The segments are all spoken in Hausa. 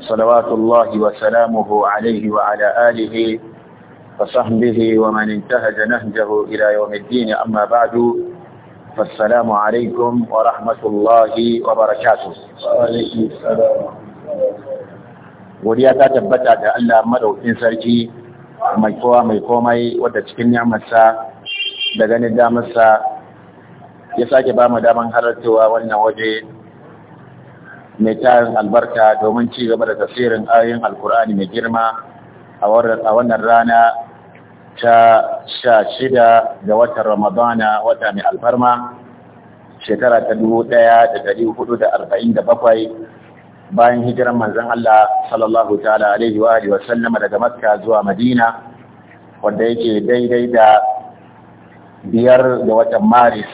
صلوات الله وسلامه عليه وعلى آله وصحبه ومن انتهج نهجه إلى يوم الدين أما بعد فالسلام عليكم ورحمة الله وبركاته godiya ta tabbata da Allah madaukin sarki mai kowa mai komai wadda cikin ni'amarsa da ganin damarsa ya sake bamu damar halartawa wannan waje mai tarin albarka domin ci gaba da tafsirin ayoyin alkur'ani mai girma a wannan rana ta sha shida da watan ramadana wata mai alfarma shekara ta dubu ɗaya da dari hudu da arba'in da bakwai bayan hijiran manzan Allah sallallahu ta'ala alaihi wa alihi daga makka zuwa madina wanda yake daidai da biyar da watan maris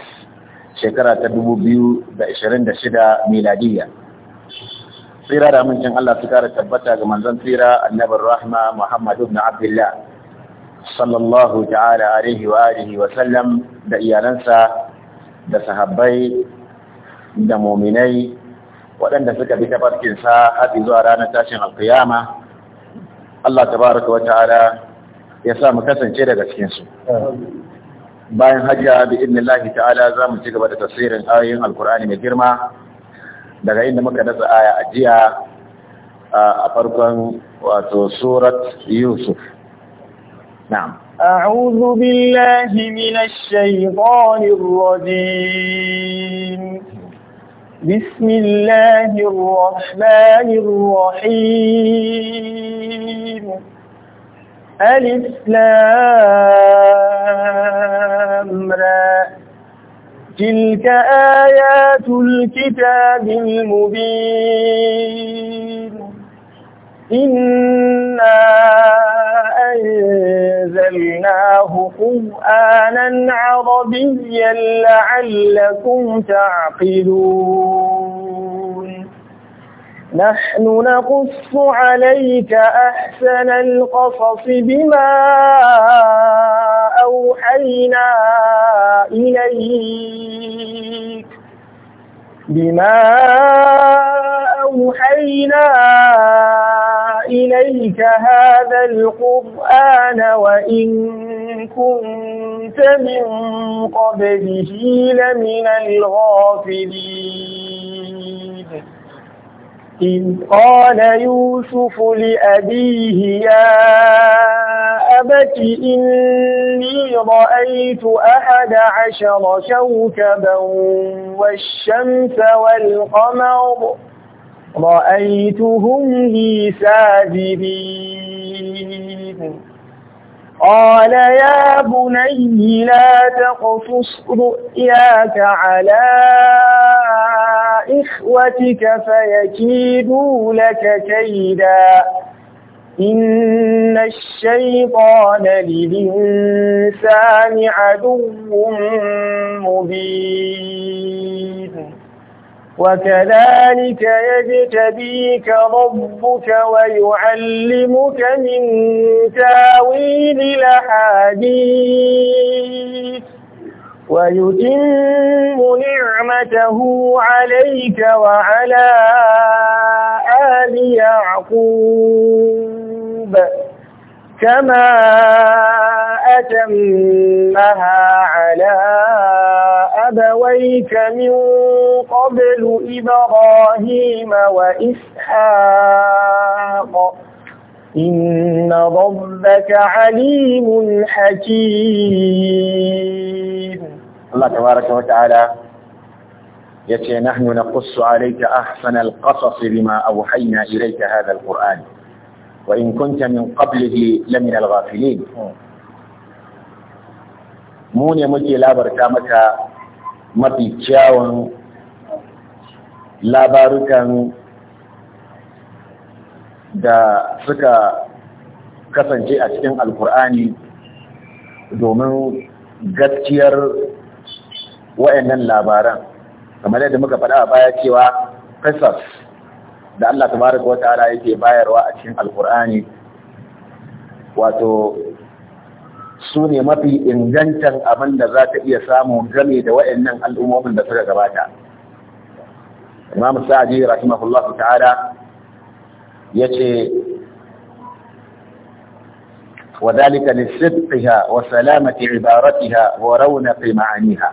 shekara ta dubu biyu da ishirin da shida miladiyya tsira da amincin Allah su kara tabbata ga manzon tsira annabar rahma Muhammad ibn Abdullah sallallahu ta'ala alaihi wa alihi wa sallam da iyalansa da sahabbai da muminai waɗanda suka bi tafarkin sa har zuwa ranar tashin alkiyama Allah tabaraka wa ta'ala ya sa mu kasance daga cikin su bayan hajja bi idnillahi ta'ala za mu ci gaba da tafsirin ayoyin alkur'ani mai girma daga inda muka dasa aya a jiya a farkon wato surat yusuf na'am أعوذ بالله من الشيطان الرجيم بسم الله الرحمن الرحيم الاسلام تلك آيات الكتاب المبين إنا أنزلناه قرآنا عربيا لعلكم تعقلون نحن نقص عليك أحسن القصص بما أوحينا إليك بما أوحينا إليك هذا القرآن وإن كنت من قبله لمن الغافلين إذ قال يوسف لأبيه يا أبت إني رأيت أحد عشر كوكبا والشمس والقمر رأيتهم لي ساجدين قال يا بني لا تقصص رؤياك على إخوتك فيكيدوا لك كيدا إن الشيطان للإنسان عدو مبين وكذلك يجتبيك ربك ويعلمك من تاويل الأحاديث ويتم نعمته عليك وعلى آل يعقوب كما أتمها على أبويك من قبل إبراهيم وإسحاق إن ربك عليم حكيم الله تبارك وتعالى يتي نحن نقص عليك أحسن القصص بما أوحينا إليك هذا القرآن wa in kunta min qablihi lamin al-ghafilin mu ne muke labarta maka mafi kyawun labarukan da suka kasance a cikin alkur'ani domin gaskiyar wa'annan labaran kamar yadda muka faɗa a baya cewa kasas da Allah tabaraka wa ta'ala yake bayarwa a cikin alkur'ani wato su ne mafi ingantan abin da za ta iya samu game da wayannan al'ummomin da suka gabata imam sadi rahimahullah ta'ala yace وذلك لصدقها وسلامة عبارتها ورونق معانيها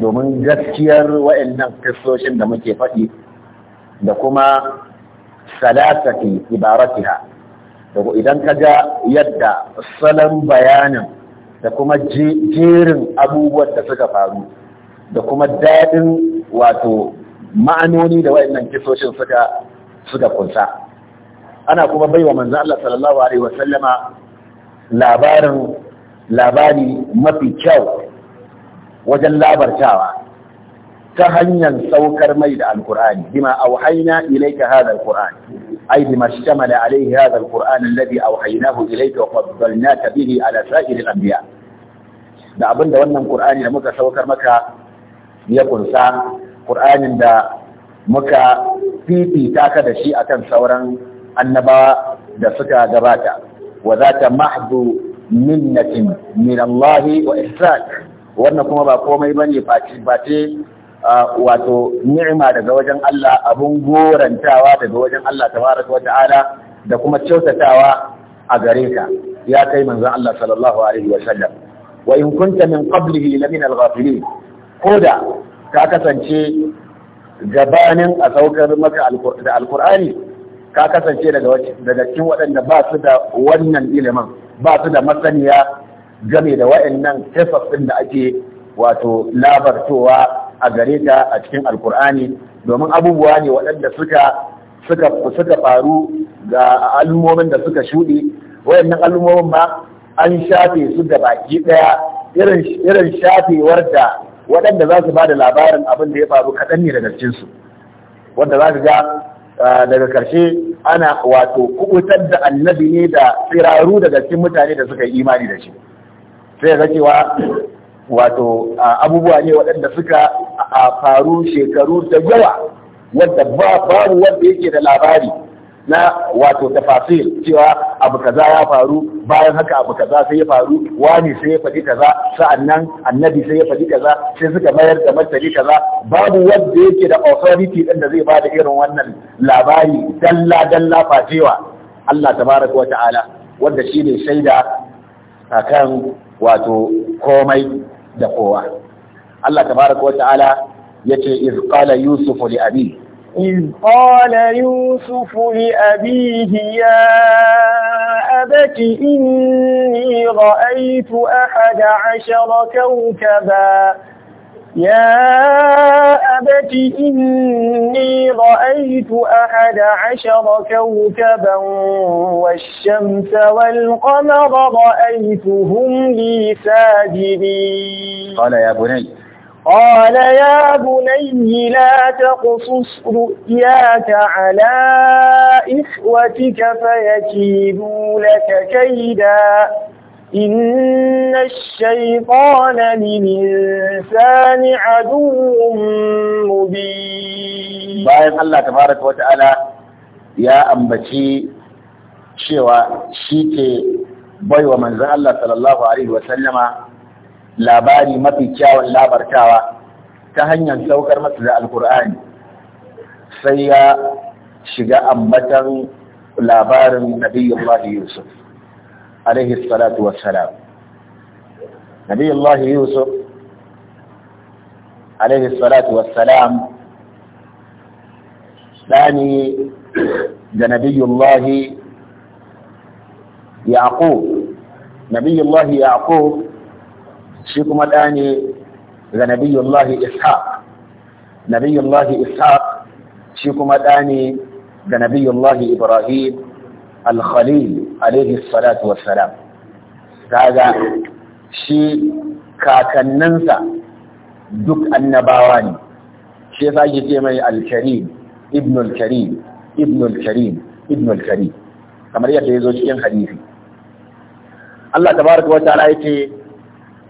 domin gaskiyar wa'annan kistoshin da muke faɗi da kuma salasati ibaratiha Daga idan ka ga yadda salon bayanin da kuma jerin abubuwan da suka faru da kuma daɗin wato ma'anoni da waɗannan kisoshin suka suka kunsa ana kuma baiwa manzo Allah sallallahu alaihi wasallama labarin labari mafi kyau wajen labartawa ta hanyar saukar mai da alkur'ani bima auhayna ilayka hadha alqur'an ay bima ishtamala alayhi hadha alqur'an alladhi auhaynahu ilayka wa faddalnaka bihi ala sa'ir al-anbiya da abinda wannan qur'ani da muka saukar maka ya kunsa qur'anin da muka fifita ka da shi akan sauran annabawa da suka gabata wa zata mahdu minnatin min Allah wa ihsan wannan kuma ba komai bane face wato ni'ima daga wajen Allah abun gorantawa daga wajen Allah wa wata'ala da kuma kyautatawa a gare ka ya kai manzon Allah sallallahu alaihi wa sallam wa in kunta min qablihi lamin al-ghafilin koda ka kasance gabanin a saukar maka al alkur'ani ka kasance daga cikin waɗanda ba su da wannan ilimin ba su da masaniya game da waɗannan tafas ɗin da ake wato labartowa a gare ta a cikin alkur'ani domin abubuwa ne waɗanda suka faru ga al'ummomin da suka shuɗe wayannan al'ummomin ma an shafe su da baki ɗaya irin shafewar da waɗanda za su ba da labarin abin da ya faru kaɗan ne daga cikinsu wanda za ka ga daga ƙarshe ana wato kubutar da annabi ne da tsiraru daga cikin mutane da suka yi imani da shi sai ga cewa wato abubuwa ne waɗanda suka faru shekaru da yawa wadda babu wanda yake da labari na wato tafasir cewa abu kaza ya faru bayan haka abu kaza sai ya faru wani sai ya faɗi kaza sa'annan annabi sai ya faɗi kaza sai suka mayar da martani kaza babu wadda yake da authority ɗin da zai bada irin wannan labari dalla dalla fajewa Allah tabaraka wa ta'ala wanda shine shaida akan wato komai da kowa Allah tabaraka wa ta'ala yace iz qala yusuf li abi iz qala yusuf li abihi ya abati inni ra'aytu ahada 'ashara kawkaba يا أبت إني رأيت أحد عشر كوكبا والشمس والقمر رأيتهم لي ساجدين قال يا بني قال يا بني لا تقصص رؤياك على إخوتك فيكيدوا لك كيداً إن الشيطان للإنسان عدو مبين bayan Allah tabaraka ta'ala ya ambaci cewa shi ke baiwa manzon Allah sallallahu alaihi Sallama labari mafi kyawun labartawa ta hanyar saukar masa da alkur'ani sai ya shiga ambatan labarin nabiyullahi Yusuf عليه الصلاة والسلام نبي الله يوسف عليه الصلاة والسلام ثاني نبي الله يعقوب نبي الله يعقوب شيكم الآن نبي الله إسحاق نبي الله إسحاق شيكم الآن نبي الله إبراهيم alkhalil khalil alaihi salatu wassalam kaga shi kakanninsa duk annabawa ne shi yasa ake ce mai al-karim ibn al-karim ibn al-karim ibn al-karim kamar yadda ya zo cikin hadisi Allah tabaraka wa ta'ala yake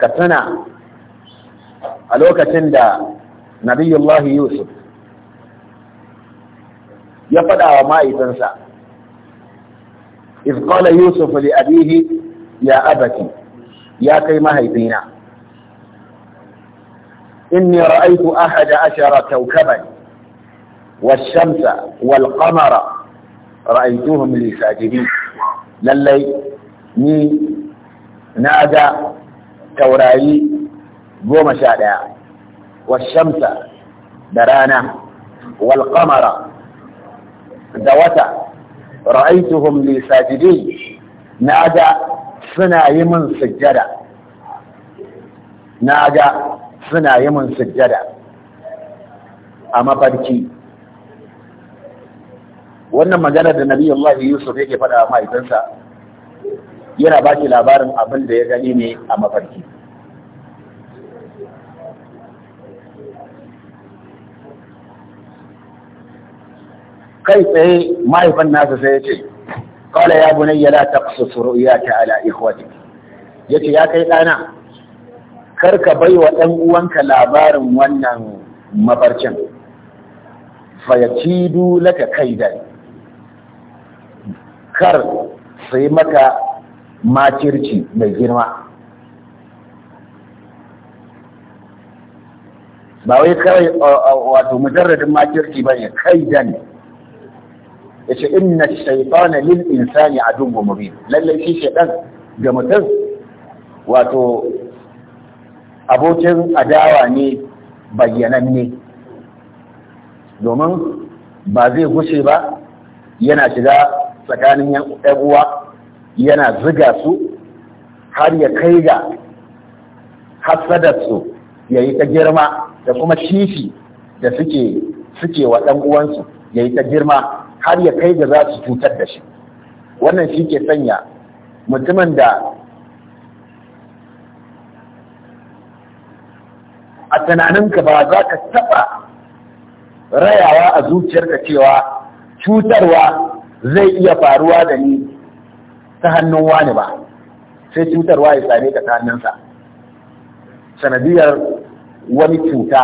ka tana a lokacin da nabiyullahi yusuf ya faɗa wa إذ قال يوسف لأبيه يا أبتي يا كيما هيبينا إني رأيت أحد عشر كوكبا والشمس والقمر رأيتهم لي ساجدين للي ني نادى توراي قوم شادا والشمس درانا والقمر دوتا ra'aituhum li sajidi na ga suna yi min sujjada na suna yi min sujjada a mafarki wannan maganar da nabi Allah Yusuf yake faɗa wa mahaifinsa yana ba shi labarin abin da ya gani ne a mafarki kai tsaye mahaifin nasa sai ya ce kawai ya bunayya la taqsus ru'yaka ala Ya yace ya kai ɗana kar ka bai wa ɗan uwanka labarin wannan mafarkin fayacidu laka kaidan kar sai maka macirci mai girma ba wai kawai wato mujarradin makirki ba ne kai kaidan yace inna shaytana lil insani adubu mubin lalle shi shaytan ga mutum wato abokin adawa ne bayyananne domin ba zai gushe ba yana shiga tsakanin yan uwa yana ziga su har ya kai ga hasadarsu ya yi ta girma da kuma kifi da suke suke wa ɗan uwansu ya yi ta girma har ya kai da za su cutar da shi wannan shi ke sanya mutumin da a tunaninka ba za ka taɓa rayawa a zuciyarka cewa cutarwa zai iya faruwa da ni ta hannun wani ba sai cutarwa ya same ka ta hannunsa sanadiyar wani cuta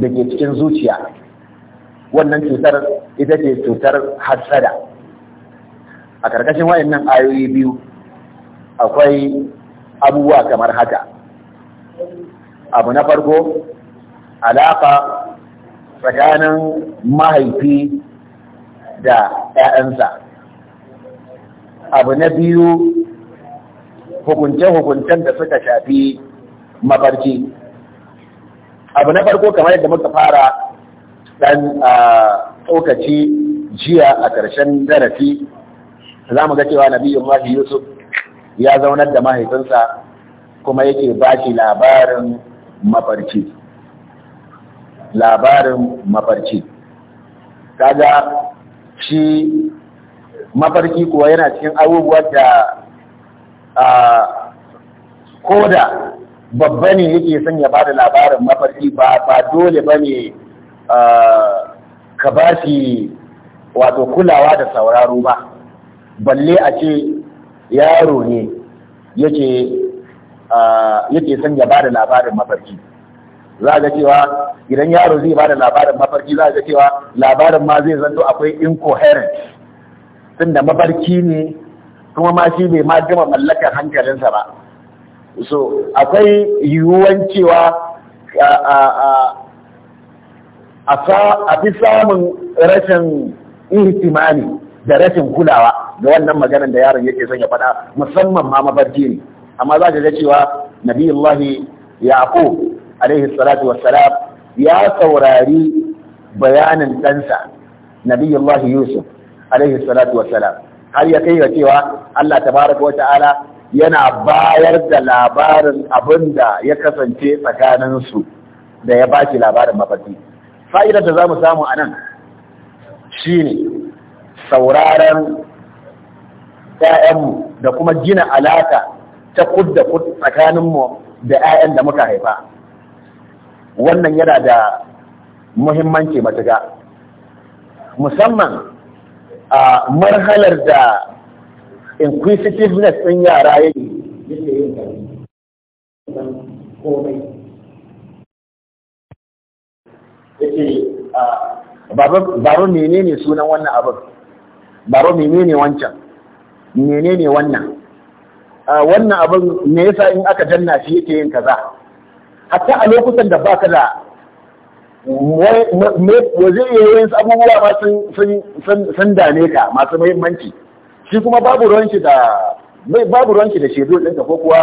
da ke cikin zuciya wannan cutar ita ce cutar hassada a karkashin wayannan ayoyi biyu akwai abubuwa kamar haka abu na farko alaƙa tsakanin mahaifi da 'ya'yansa abu na biyu hukunce-hukuncen da suka shafi mafarki abu na farko kamar yadda muka fara dan a tsokaci jiya a ƙarshen darasi za mu ga cewa nabiyin mafi yusuf ya zaunar da mahaifinsa kuma yake ba shi labarin mafarki labarin mafarki kaga shi mafarki kuwa yana cikin abubuwan da a da babba ne yake son ya ba da labarin mafarki ba dole ba ne ka ba shi wato kulawa da sauraro ba balle a ce yaro ne yake san son ya ba da labarin mafarki za ga cewa idan yaro zai ba da labarin mafarki za ga cewa labarin ma zai zanto akwai incoherent da mafarki ne kuma ma shi bai ma gama mallakar hankalinsa ba so akwai yiwuwan cewa a fi samun rashin ihtimami da rashin kulawa da wannan maganar da yaron yake son ya faɗa musamman ma mafarki ne amma za ka ga cewa nabiyullahi yaqub alaihi salatu wassalam ya saurari bayanin ɗansa nabiyullahi yusuf alaihi salatu wassalam har ya kai ga cewa Allah tabaraka wa ta'ala yana bayar da labarin abinda ya kasance tsakaninsu da ya ba shi labarin mafarki fa'idar da za mu samu a nan shi ne sauraron ‘ya'yanmu da kuma gina alaka ta kudda tsakaninmu da ‘ya'yan da muka haifa wannan yana da muhimmanci matuka musamman a marhalar da inquisitiveness ɗin yara yake yin komai yace ah, baro menene sunan wannan abin baro menene wancan menene wannan ah, wannan abin me yasa in aka danna shi yake yin kaza hatta a lokutan da baka da waje yayin abubuwa ma sun dane ka masu muhimmanci shi kuma babu ruwanki da babu ruwanki da shedo ɗinka ko kuwa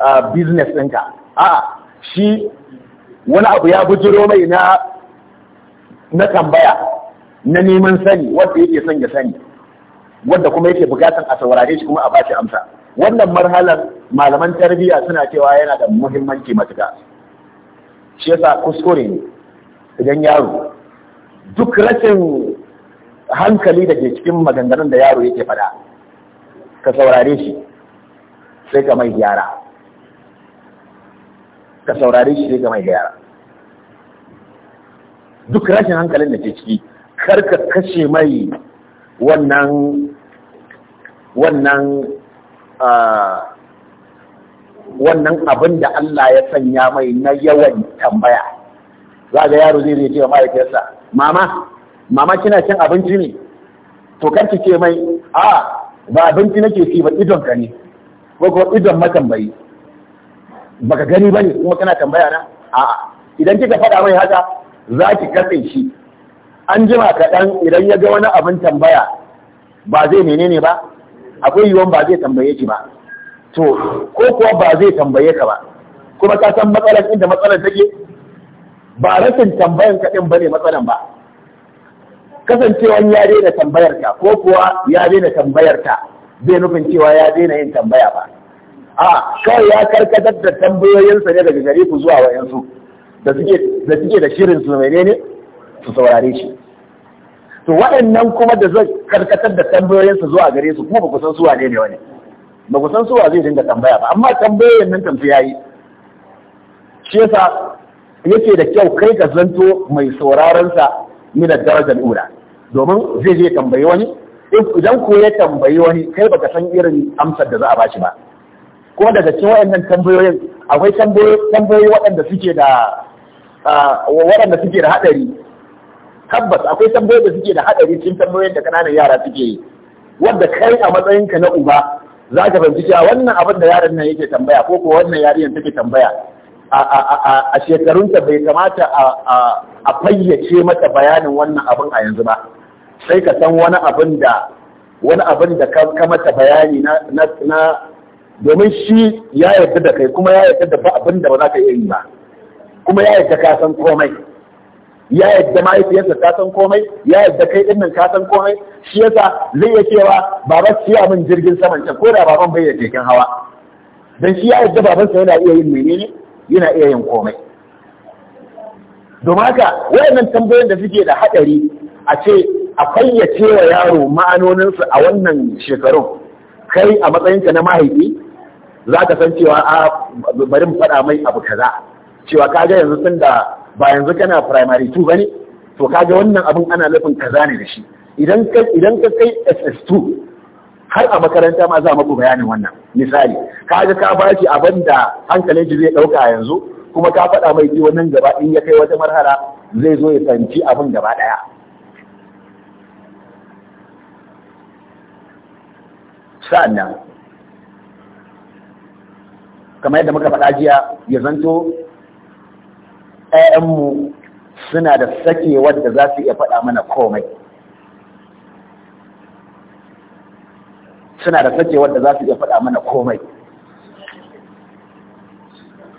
ah, business ɗinka a shi wani abu ya bujiro mai na na tambaya na neman sani wanda yake son ya sani wanda kuma yake bukatan a saurare shi kuma a bashi amsa wannan marhalar malaman tarbiyya suna cewa yana da muhimmanci matuka shi yasa kuskure ne idan yaro duk rashin hankali da ke cikin maganganun da yaro yake faɗa ka saurare shi sai ka mai gyara ka saurare shi sai ka mai gyara duk rashin hankalin da ke ciki kar ka kashe mai wannan wannan wannan abin da Allah ya sanya mai na yawan tambaya za ga yaro zai ce wa ma'aikiyarsa mama mama kina cin abinci ne to kar ki ce mai a ba abinci nake ci ba idon ka ne ko kuma idon matambayi baka gani bane kuma kana tambaya na a'a idan kika faɗa mai haka za ki katse shi an jima kaɗan idan ya ga wani abin tambaya ba zai menene ba akwai yiwuwan ba zai tambaye ki ba to ko kuwa ba zai tambaye ka ba kuma ka san matsalar inda matsalar take ba rashin tambayan kaɗin ba ne matsalan ba kasancewan ya daina tambayar ka ko kuwa ya daina tambayar ta zai nufin cewa ya daina yin tambaya ba a kawai ya karkatar da tambayoyinsa ne daga gare ku zuwa wa'yansu da suke da shirin su ne su saurare shi to waɗannan kuma da zai karkatar da tambayoyinsu zuwa gare su kuma ba ku san su wane ne wani ba ku san su wa zai dinga tambaya ba amma tambayoyin nan tamfi yi shi yasa yake da kyau kai ka zanto mai sauraron sa min darajar ura, domin zai je tambayi wani idan ko ya tambayi wani kai baka san irin amsar da za a bashi ba kuma daga cikin waɗannan tambayoyin akwai tambayoyi waɗanda suke da waɗanda suke da haɗari tabbas akwai tambayoyin da suke da haɗari cikin tambayoyin da ƙananan yara suke yi wanda kai a matsayinka na uba za ka fahimci cewa wannan abin da yaran nan yake tambaya ko ko wannan yarinyar take tambaya a shekarunta bai kamata a fayyace mata bayanin wannan abin a yanzu ba sai ka san wani abin da wani abin da ka mata bayani na domin shi ya yarda da kai kuma ya yarda da ba abin da ba za ka iya yi ba kuma ya yadda ka san komai ya yadda mahaifiyarsa ta san komai ya yadda kai din kasan komai shi yasa zai iya cewa baba siya min jirgin saman can ko da baban bai da keken hawa Don shi ya yadda babansa yana iya yin menene yana iya yin komai domin haka waɗannan tambayoyin da suke da haɗari a ce a fayyace wa yaro ma'anoninsu a wannan shekarun kai a matsayinka na mahaifi za ka san cewa a ah, bari mu faɗa mai abu kaza cewa kaga yanzu tun da ba yanzu kana primary 2 bane to kaga wannan abin ana nufin kaza ne da shi idan ka idan ka kai SS2 har a makaranta ma za muku bayanin wannan misali kaga ka shi abin da hankalin shi zai dauka yanzu kuma ka faɗa mai ji wannan gaba in ya kai wata marhala zai zo ya fahimci abin gaba daya sa'annan kamar yadda muka faɗa jiya ya zanto ƴaƴanmu suna da sake wadda za su iya faɗa mana komai suna da sake wadda za su iya faɗa mana komai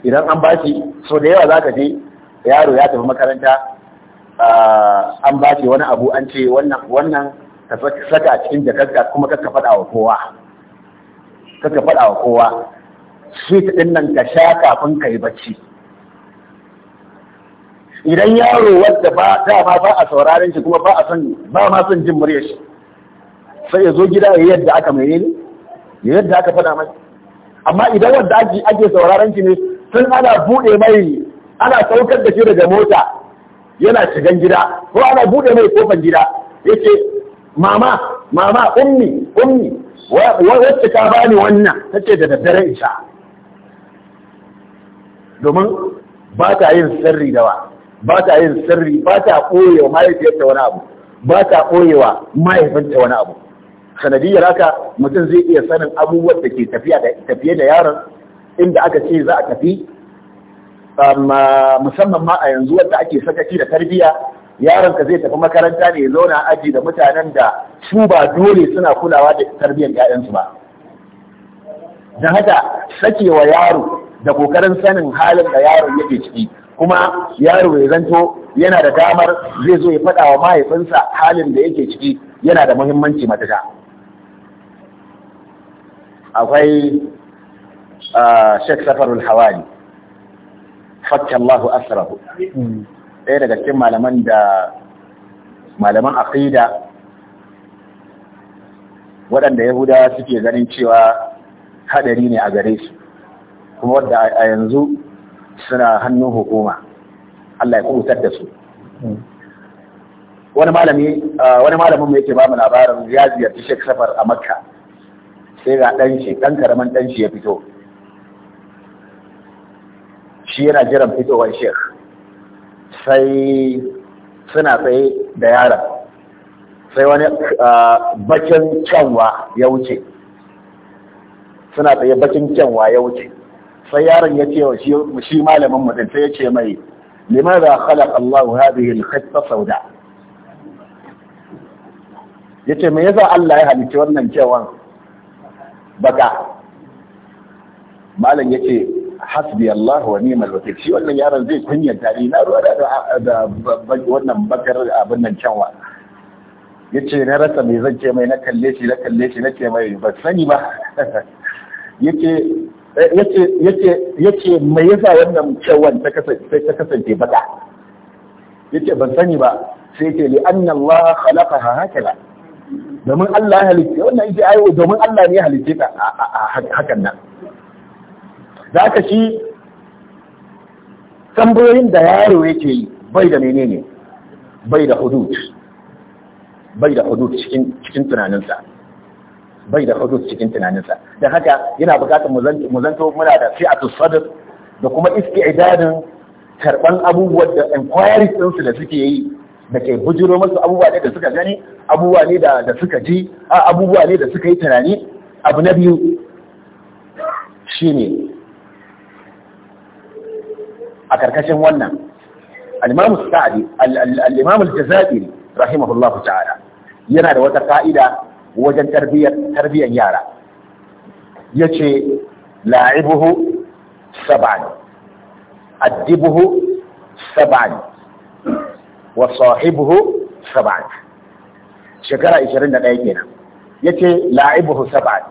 idan an ba shi so da yawa za ka je yaro ya tafi makaranta an ba shi wani abu an ce wannan ka saka a cikin jakarta kuma kakka faɗa wa kowa kakka faɗa wa kowa shi ta ɗin nan ka sha kafin ka yi bacci idan yaro wadda ba ba a sauraron shi kuma ba a son ba ma son jin murya shi sai ya zo gida ya yadda aka mai ne ya yadda aka faɗa mai amma idan wadda ake ake sauraron shi ne tun ana bude mai ana saukar da shi daga mota yana shigan gida ko ana bude mai kofan gida yace mama mama ummi ummi wacce ka bani wannan tace da daddare isha domin ba ta yin sirri da wa ba ta yin sirri ba ta koyewa mahaifiyarta wani abu ba ta koyewa mahaifinta wani abu sanadiyar haka mutum zai iya sanin abubuwan da ke tafiye da yaron inda aka ce za a tafi musamman ma a yanzu wanda ake sakaci da tarbiya yaron ka zai tafi makaranta ne zauna aji da mutanen da su ba dole suna kulawa da tarbiyyar 'ya'yansu ba don haka sakewa yaro da kokarin sanin halin da yaron yake ciki kuma yaro ya zanto yana da damar zai zo ya faɗa wa mahaifinsa halin da yake ciki yana da muhimmanci matuƙa akwai Sheikh Safarul Hawali fakka Allahu asrahu ɗaya daga cikin malaman da malaman aqida waɗanda Yahuda suke ganin cewa haɗari ne a gare su kuma wadda a yanzu suna hannun hukuma Allah ya kubutar da su wani malamin mu yake ba mu labarin ya ziyarci shek Safar a Makka sai ga dan shi dan karaman dan shi ya fito shi yana jiran fitowar shek. sai suna tsaye da yaron sai wani bakin kyanwa ya wuce suna tsaye bakin kyanwa ya wuce sai yaron ya ce wa shi malamin mutum sai ya ce mai limaza khalaq Allah hadhihi al-khatta sauda yace me yasa Allah ya halicci wannan cewan baka malam yace hasbi Allah wa ni'mal wakil shi wannan yaron zai kunya dadi na ruwa da wannan bakar abin nan Ya yace na rasa me zan ce mai na kalle shi na kalle shi na ce mai ba sani ba yace Eh, yace mai yasa wannan cewan ta kasance Ya ce ban sani ba sai ke li halaka ha haka hakala domin Allah ya halitta wannan yace ayo domin Allah ne ya halitta ta hakan nan Za ka shi tambayoyin da yaro yake yi bai da menene bai da hudud bai da hudud cikin tunaninsa bai da hudud cikin tunaninsa Da haka yana bukatar mu zanto muna da fi'atu sadr da kuma iske isti'dadin karban abubuwan da inquiries ɗinsu da suke yi da ke bujiro masu abubuwa ne da suka gani abubuwa ne da suka ji abubuwa ne da suka yi tunani abu na biyu shine a karkashin wannan al sa'adi, sa'di jazabi imam al-jazari rahimahullahu ta'ala yana da wata fa'ida wajen tarbiyyar yara ya ce la'ibuhu sab'an addibuhu sab'an wa sahibuhu sab'an shekara 21 kenan ya ce, la'ibuhu sab'an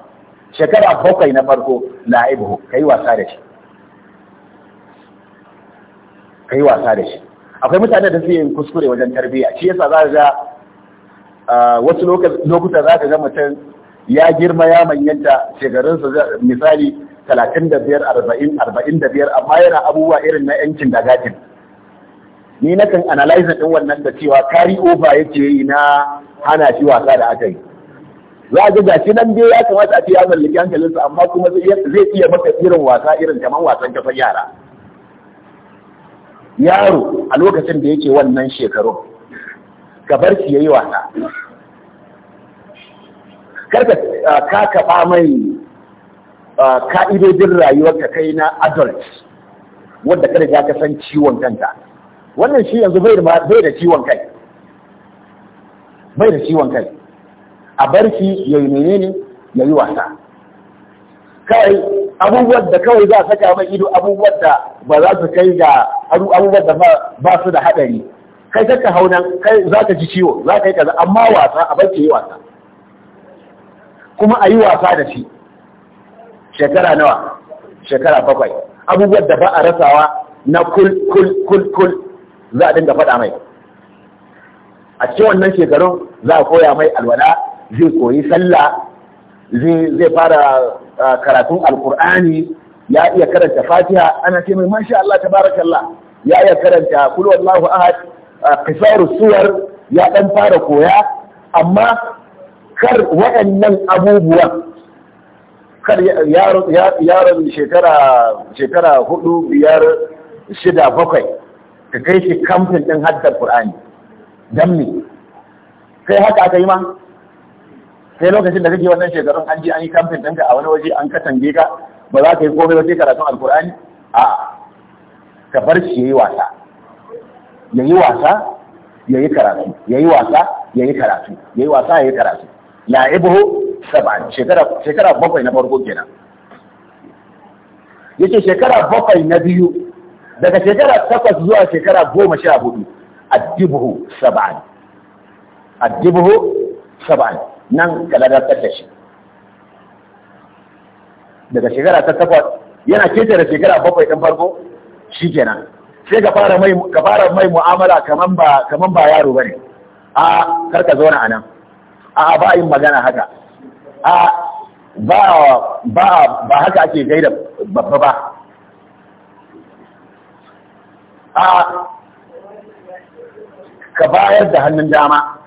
shekara bakwai na farko la'ibuhu yi wasa da shi yi wasa da shi akwai mutane da su yin kuskure wajen tarbiyya shi yasa za ga wasu lokuta za ka ga mutum ya girma ya manyanta shekarunsa misali talatin da amma yana abubuwa irin na yancin da gajin ni na kan analyze din wannan da cewa kari ofa yake yi na hana shi wasa da aka yi za a ga shi nan dai ya kamata a ce ya mallaki hankalinsa amma kuma zai iya maka irin wasa irin kamar wasan kafin yara yaro a lokacin da yake wannan shekarun ka bar shi yayi wasa karka ka ah, kaba mai ah, ka'idodin rayuwar ka kai na adult wanda kada ya ka san ciwon kanta wannan shi yanzu bai da ciwon kai bai da ciwon kai a bar shi yayi menene yayi wasa kawai abubuwan da kawai za a saka mai ido abubuwan da ba za su kai ga abubuwan da ba su da haɗari kai ka hau nan kai za ka ji ciwo za ka yi kaza amma wasa a barke yi wasa kuma a yi wasa da shi shekara nawa shekara bakwai abubuwan da ba a rasawa na kul kul kul kul za a dinga faɗa mai a cikin wannan shekarun za a koya mai alwala zai koyi sallah zai fara karatun alkur'ani ya iya karanta fatiha ana ce mai masha Allah tabarakallah ya iya karanta kulwallahu ahad kisar suwar ya ɗan fara koya amma kar waɗannan abubuwa kar yaron shekara hudu biyar shida bakwai ka kai shi kamfin ɗin haddar Kur'ani. don me sai haka aka yi ma sai lokacin da kake wannan shekarun an je an yi kamfin ɗinka a wani waje an katange ka ba za ka yi komai ba sai karatun alkur'ani a ka bar shi yayi wasa ya yi wasa ya yi karatu ya yi wasa ya yi karatu ya yi wasa ya yi karatu la'ibuhu saba'an shekara bakwai na farko kenan Ya ce shekara bakwai na biyu daga shekara takwas zuwa shekara goma sha hudu addibuhu saba'an addibuhu saba'an nan kaladar ta daga shekara ta takwas yana ketare shekara bakwai ɗin farko shi kenan sai ka fara mai mu'amala kaman ba yaro ba ne. a kar ka zauna anan a ba yin magana haka a ba haka ake gaida babba ba a ka bayar da hannun dama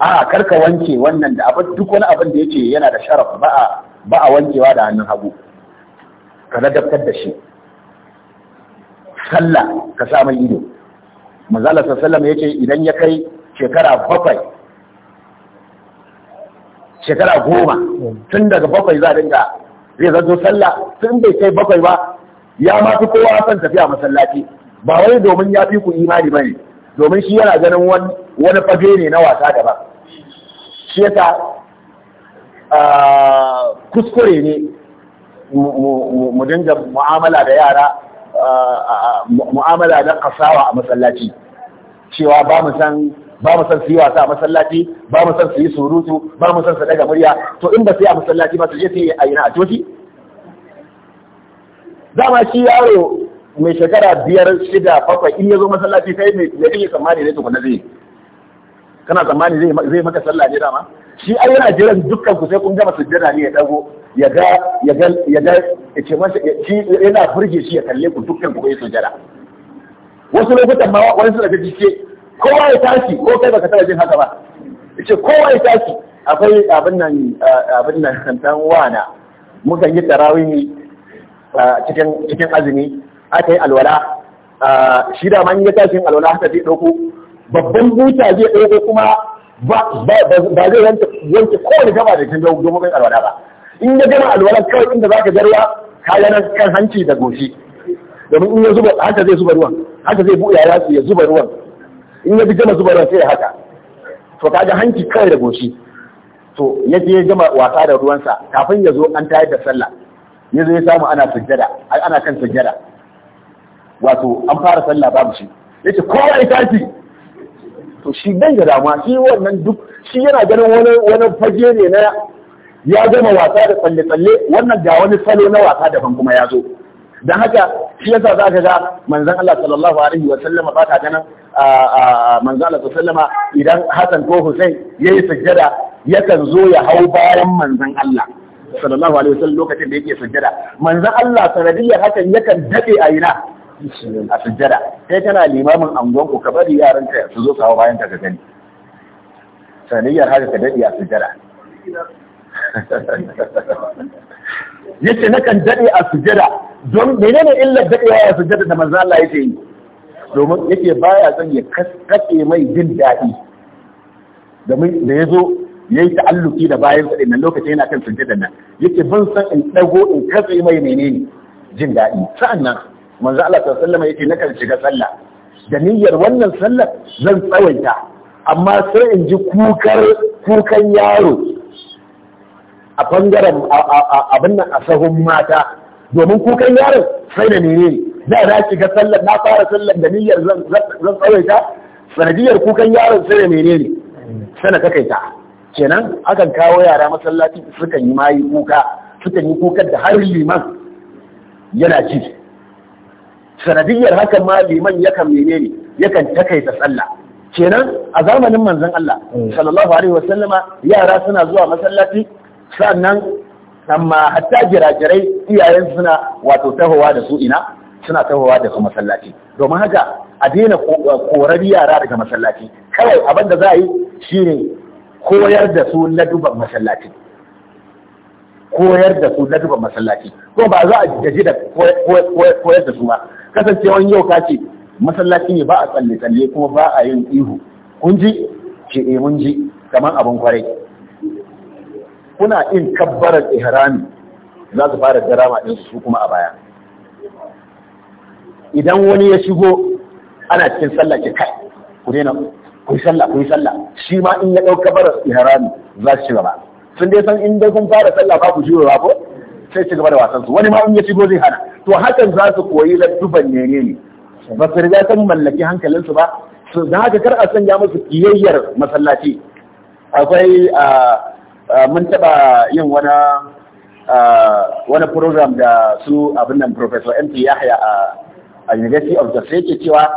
a karka wanke wannan da abin duk wani abin da yake yana da sharaf ba a wankewa da hannun hagu ka ladabtar da shi sallah ka sa mai ido manzala sallallahu ya ce idan ya kai shekara bakwai shekara goma tun daga bakwai za a dinga zai zato sallah tun bai kai bakwai ba ya ma fi kowa son tafiya masallaci ba wai domin ya fi ku imani bane domin shi yana ganin wani fage ne na wasa daban shi yasa kuskure ne mu dinga mu'amala da yara mu'amala na kasawa a masallaci cewa ba mu san ba mu san su yi wasa a masallaci ba mu san su yi surutu ba mu san su daga murya to in ba a masallaci ba su je sai yi a yana a coci dama shi yaro mai shekara biyar shida bakwai in ya zo masallaci sai mai ya yi tsammani ne tukuna zai kana tsammani zai maka sallah ne dama shi ai yana jiran dukkan ku sai kun gama sujjada ne ya dago ya ga ya ga ya ga ce masa shi yana furge shi ya kalle ku dukkan ku yi sujada wasu lokutan ma wani suna gaji jike kowa ya tashi ko kai baka taba jin haka ba ce kowa ya tashi akwai abin nan eh, abin nan dan wana mukan yi tarawih eh, cikin cikin azumi aka yi alwala eh, shi da man yi tashin alwala haka zai dauko babban buta zai dauko kuma ba zai wanke kowane gaba da cikin dogon alwala ba in ya gama alwalar kawai inda za ka jarwa, kayan kan hanci da goshi domin in ya zuba haka zai zuba ruwan haka zai buɗe ya ya zuba ruwan in ya gama zuba ruwan sai ya haka to kaga hanci kawai da goshi to ya je ya gama wasa da ruwansa kafin ya zo an tayar da sallah ya zo ya samu ana sujjada ana kan sujjada wato an fara sallah babu shi yace kowa ya tashi to shi dan da dama shi wannan duk shi yana ganin wani wani fage ne na ya gama wasa da tsalle-tsalle wannan ga wani salo na wasa daban kuma ya zo don haka shi yasa za ka ga manzan Allah sallallahu alaihi wa sallama ba ka ganin manzan Allah sallama idan Hassan ko Hussein ya yi sujjada yakan zo ya hau bayan manzan Allah sallallahu alaihi wa sallam lokacin da yake sujjada manzan Allah sanadiyar hakan yakan dade a ina a sujjada kai kana limamin angon ku ka bari yaranka su zo su hau bayan ka gani sanadiyar haka ka dade a sujjada yace nakan dade a sujada don menene illar daɗe a sujada da manzo Allah yake yi domin yake baya son ya kaskace mai jin daɗi domin da ya yi ta'alluki da bayan sa na lokacin yana kan sujada nan yake ban san in dago in katse mai menene jin daɗi. Sa'an manzo Allah ta sallama yake na kan shiga sallah da niyyar wannan sallar zan tsawaita amma sai in ji kukar kukan yaro a bangaren abin nan a sahun mata domin kukan yaron sai da menene da na ga sallar na fara sallar da niyyar zan tsawaita sanadiyar kukan yaron sai da menene sana kaita. kenan akan kawo yara masallaci sukan yi mayi kuka sukan yi kukan da har liman yana ci sanadiyar hakan ma liman yakan menene yakan takaita sallah kenan a zamanin manzon Allah mm. sallallahu alaihi wasallama yara suna zuwa masallaci sannan amma hatta jirajirai iyayen suna wato tahowa da su ina suna tahowa da su masallaci domin haka a daina korar yara daga masallaci kawai abin da za a yi shine koyar da su laduban masallaci koyar da su laduban masallaci ko ba za a gaji da koyar da su ba kasancewan yau ka ce masallaci ne ba a tsalle tsalle kuma ba a yin ihu kun ji ke eh, mun ji kamar abin kwarai kuna in kabbarar ihrami za su fara darama din su kuma a baya idan wani ya shigo ana cikin sallah ke kai ku daina ku yi sallah ku yi sallah shi ma in ya dauka kabbarar ihrami za su ci gaba sun dai san in dai kun fara sallah ba ku jiwa ko sai ci gaba da wasan su wani ma in ya shigo zai hana to hakan za su koyi ladduban ne ne ne ba su riga san mallaki hankalin su ba su da haka kar a sanya musu kiyayyar masallaci akwai ah, Ah, mun taba yin wani ah, wani program da su abin nan Professor MT Yahya a University of Jos yake cewa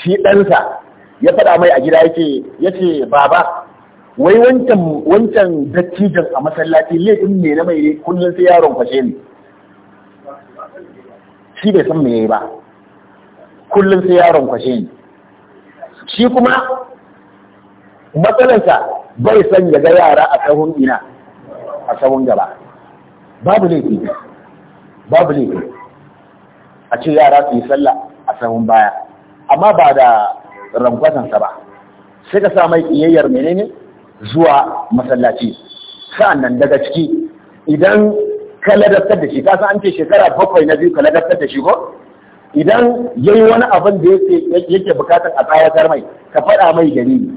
shi ɗansa ya faɗa mai a gida yake yace baba wai wancan wancan dattijan a masallaci laifin ne na mai kullum sai yaron fashe ne shi bai san me ba kullum sai yaron kwashe ne. shi kuma matsalarsa bai san ya ga yara a sahun ina a sahun gaba babu laifi babu laifi a ce yara su yi sallah a sahun baya amma ba da rangwasansa ba sai ka sa mai iyayyar menene zuwa masallaci Sa'an nan daga ciki idan ka ladabtar da shi ka san an ce shekara bakwai na biyu ka ladabtar da shi ko idan yayi wani abin da yake yake bukatar a tsayatar mai ka faɗa mai dalili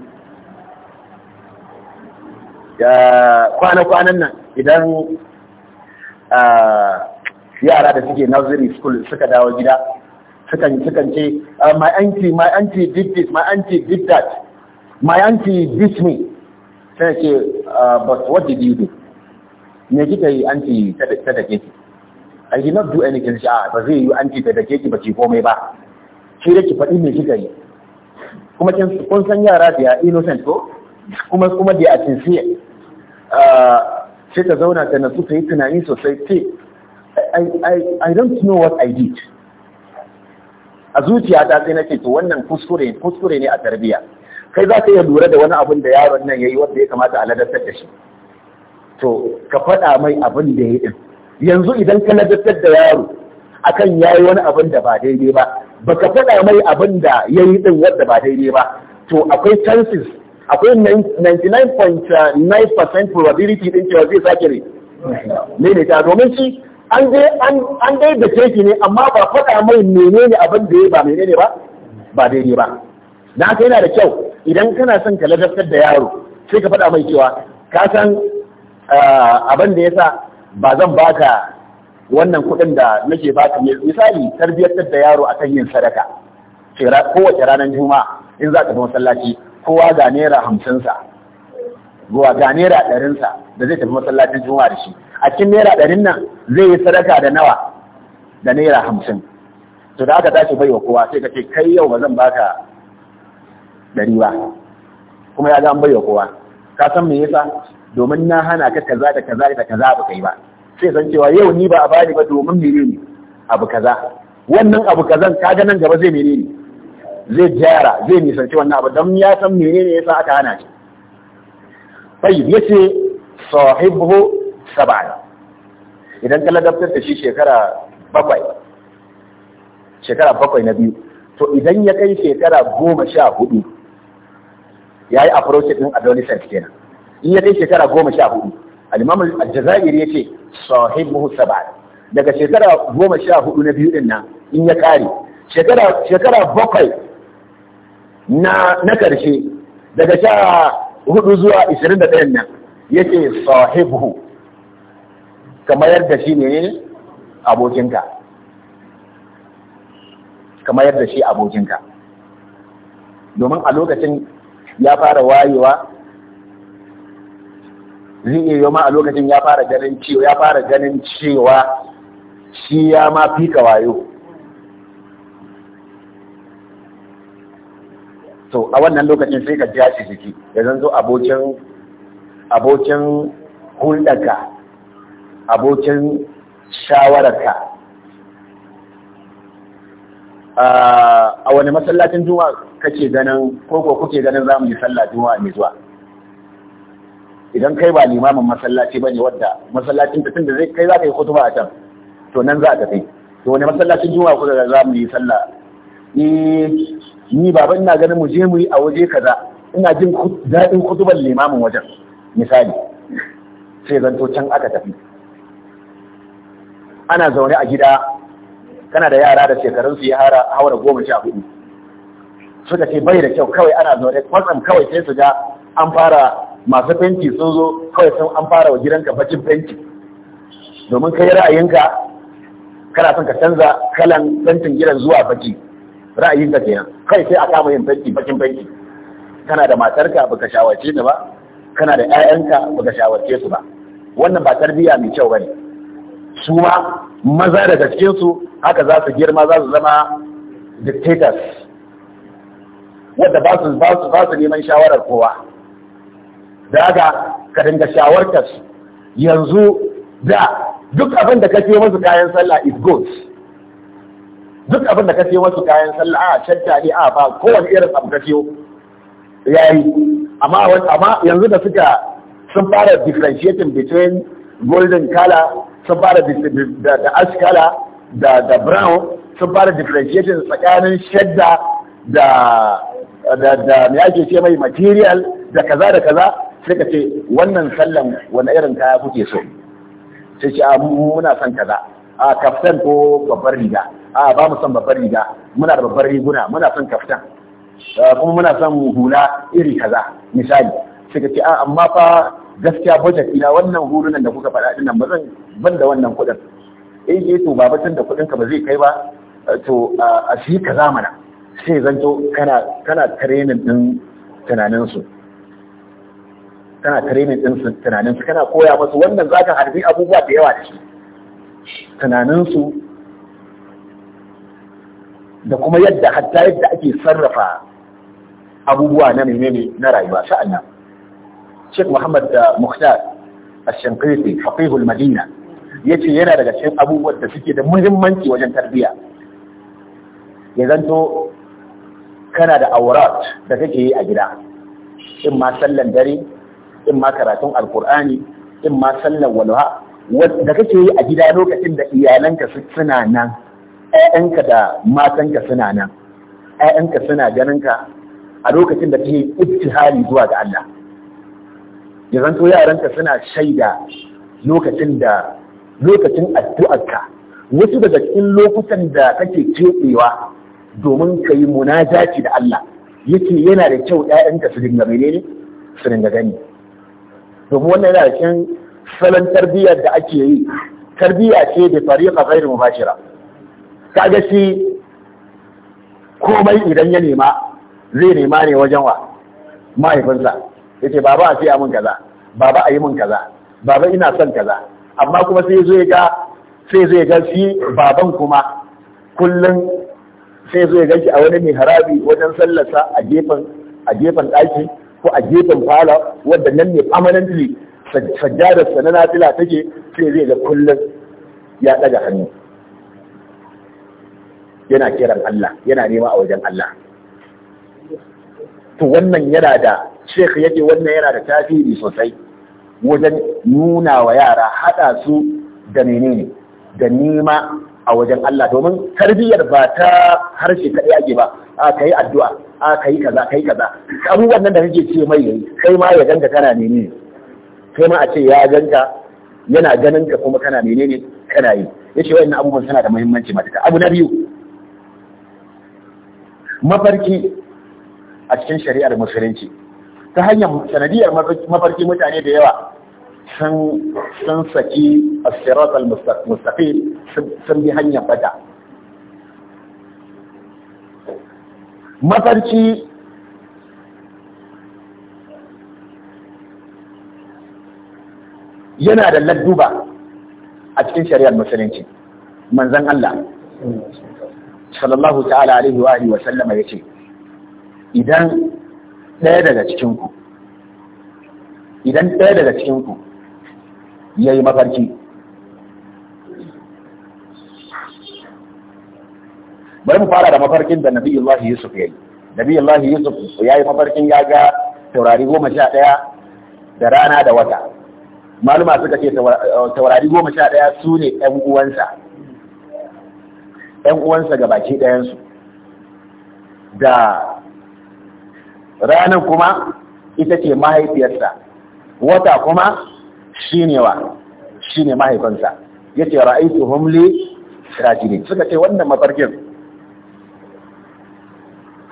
kwana-kwanan nan idan yara da suke nursery school suka dawo gida sukan sukan ce ah, my auntie my auntie did this my auntie did that my auntie beat me sai ce ah, but what did you do me kika yi auntie ta da ki I did not do anything sha ah, ba zai yi auntie ta da ki ba ki komai ba shi da ki faɗi me kika yi kuma kun san yara da innocent ko kuma kuma da sincere sai ta zauna ta nasu ta yi tunani sosai ce I don't know what I did a zuciya ta sai nake to wannan kuskure kuskure ne a tarbiyya kai za ka iya lura da wani abin da yaron nan yayi wanda ya kamata a ladartar da shi to ka faɗa mai abin da ya yi din yanzu idan ka ladartar da yaro akan yayi wani abin da ba daidai ba baka faɗa mai abin da ya yi din wanda ba daidai ba to akwai chances akwai 99.9% probability din cewa zai sake ne ne ta domin shi an dai da ne amma ba faɗa mai menene abin da ya ba menene ba ba daidai ba na haka yana da kyau idan kana son ka ladabtar da yaro sai ka faɗa mai cewa ka san ah, abin da ya sa ba zan baka wannan kuɗin da nake baka misali tarbiyyar da yaro akan yin sadaka kowace ranar juma'a in za ka zo masallaci kowa ga naira hamsinsa zuwa ga naira ɗarinsa da zai tafi masallacin juma'a da shi a cikin naira ɗarin nan zai yi sadaka da nawa da naira hamsin to da aka tashi baiwa kowa sai ka ce kai yau ba zan baka ɗari ba kuma ya ga an baiwa kowa ka san me yasa domin na hana ka kaza da kaza da kaza abu kai ba sai san cewa yau ni ba a bani ba domin menene abu kaza wannan abu kazan kaga nan gaba zai menene zai gyara zai nisanci wannan abu don ya san menene sa aka hana shi ya ce sahibu saba'a idan ka ladabtar da shi shekara bakwai shekara bakwai na biyu to idan ya kai shekara goma sha hudu ya yi approach din adolescent kenan in ya kai shekara goma sha hudu al-imam ya ce sahibu saba'a daga shekara goma sha hudu na biyu din nan in ya kare shekara bakwai na ƙarshe daga sha hudu zuwa ishirin da ɗayan nan ya ce sahibu kamar yadda shi ne abokinka kamar yadda shi abokinka domin a lokacin ya fara wayewa zai iya ma a lokacin ya fara ganin cewa shi ya ma ka wayo to a wannan lokacin sai ka ja shi jiki ya zanzu abokin abokin hulɗarka abokin shawararka a wani masallacin juma'a kake ganin ko ko kuke ganin za mu yi sallah juma'a mai zuwa idan kai ba limamin masallaci bane wadda masallacin tun da zai kai za ka yi kutuba a can to nan za ka kai to wani masallacin juma'a kuka za mu yi sallah ni baban ina ganin mu je mu yi a waje kaza ina jin daɗin kutubar limamin wajen misali sai zanto can aka tafi ana zaune a gida kana da yara da shekarunsu ya hara, haura goma sha hudu suka ce bai da kyau kawai ana zaune kwatsam kawai sai su ga an fara masu fenti sun zo kawai sun an fara wa gidanka bacin fenti domin kai ra'ayinka kana son ka canza kalan fentin gidan zuwa baki ra'ayin ka kenan kai sai a kama yin banki bakin banki. kana da matarka baka shawarce ta ba kana da ƴaƴanka baka shawarce su ba wannan ba tarbiyya mai kyau bane su ma maza daga cikin su haka za su girma za su zama dictators wanda ba su ba su ba su neman shawarar kowa da haka ka dinga shawartar yanzu da duk abin da kake musu kayan sallah is good duk abin da ka siyo wasu kayan sallah a shadda ne a ba kowane irin abu ka siyo yayi amma yanzu da suka sun fara differentiating between golden color sun fara da ash color da brown sun fara differentiating tsakanin shadda da da da ake ce mai material da kaza da kaza sai ka ce wannan sallan wani irin kaya kuke so sai ce muna son kaza a kaftan ko babbar riga a ba mu son babbar riga muna da babbar riguna muna son kaftan kuma muna son hula iri kaza misali suka ce a amma fa gaskiya budget ina wannan hulunan da kuka faɗa din nan ba zan ban da wannan kuɗin in eh, ke eh, to ba batun da kuɗin ka ba zai kai ba to a shi kaza mana sai zanto kana kana training din tunanin su kana training din tunanin su kana koya musu wannan zaka harbi abubuwa da yawa da shi tunaninsu da kuma yadda hatta yadda ake sarrafa abubuwa na menene na rayuwa sa'annan Sheikh Muhammad uh, Mukhtar Ash-Shanqiti Faqihul Madina yace yana daga cikin abubuwan da suke da muhimmanci wajen tarbiyya ya zanto kana da aurat da kake yi a gida in ma sallan dare in ma karatun alkur'ani in ma sallan walha da kake yi a gida lokacin da iyalanka suna nan ‘ya'yanka da matanka suna nan ‘ya'yanka suna ganinka a lokacin da kake hali zuwa ga Allah ya zanto yaranka suna shaida lokacin da lokacin addu'arka wasu daga cikin lokutan da kake keɓewa domin ka yi munajaci da Allah yake yana da kyau ‘ya'yanka su dinga menene su dinga gani domin wannan yana da salon tarbiyyar da ake yi tarbiyya ce da fariqa ghairu mubashira kaga shi komai idan ya nema zai nema ne wajen wa mahaifinsa yace baba a siya min kaza baba a yi min kaza baba ina son kaza amma kuma sai zo ya ga sai zai ga shi baban kuma kullum sai zai ga shi a wani mai harabi wajen sallarsa a gefen a gefen ɗaki ko a gefen fala wanda nan ne permanently sajjadarsa na nafila take sai zai ga kullum ya ɗaga hannu yana kiran Allah yana nema a wajen Allah to wannan yana da shekh yake wannan yana da tasiri sosai wajen nuna wa yara haɗa su da menene da nema a wajen Allah domin tarbiyyar ba ta harshe kaɗai ake ba a kai addu'a a kai kaza kai kaza abubuwan nan da kake ce mai yayi kai ma ya ganga kana menene kai ma a ce ya ganka yana ganin ka kuma kana menene kana yi Ya ce, wa'in abubuwan suna da muhimmanci matuka abu na biyu mafarki a cikin shari'ar musulunci ta hanyar sanadiyar mafarki mutane da yawa sun saki asirat al mustafi sun bi hanyar bata mafarki yana da ladduba a cikin shari'ar musulunci manzan Allah sallallahu ta'ala alaihi wa alihi wa sallama yace idan ɗaya daga cikin ku idan ɗaya daga cikin ku yayi mafarki bari mu fara da mafarkin da Nabi Allah Yusuf yayi Nabi Allah Yusuf yayi mafarkin ya ga taurari goma sha ɗaya da rana da wata maluma suka ce eh, taurari goma sha ɗaya su ne ‘yan uwansa ‘yan uwansa ga baki ɗayansu da ranar kuma ita ce mahaifiyarsa wata kuma shi ne wa shi ne mahaifinsa ya ce ra'aitu humli rajini suka ce wannan mafarkin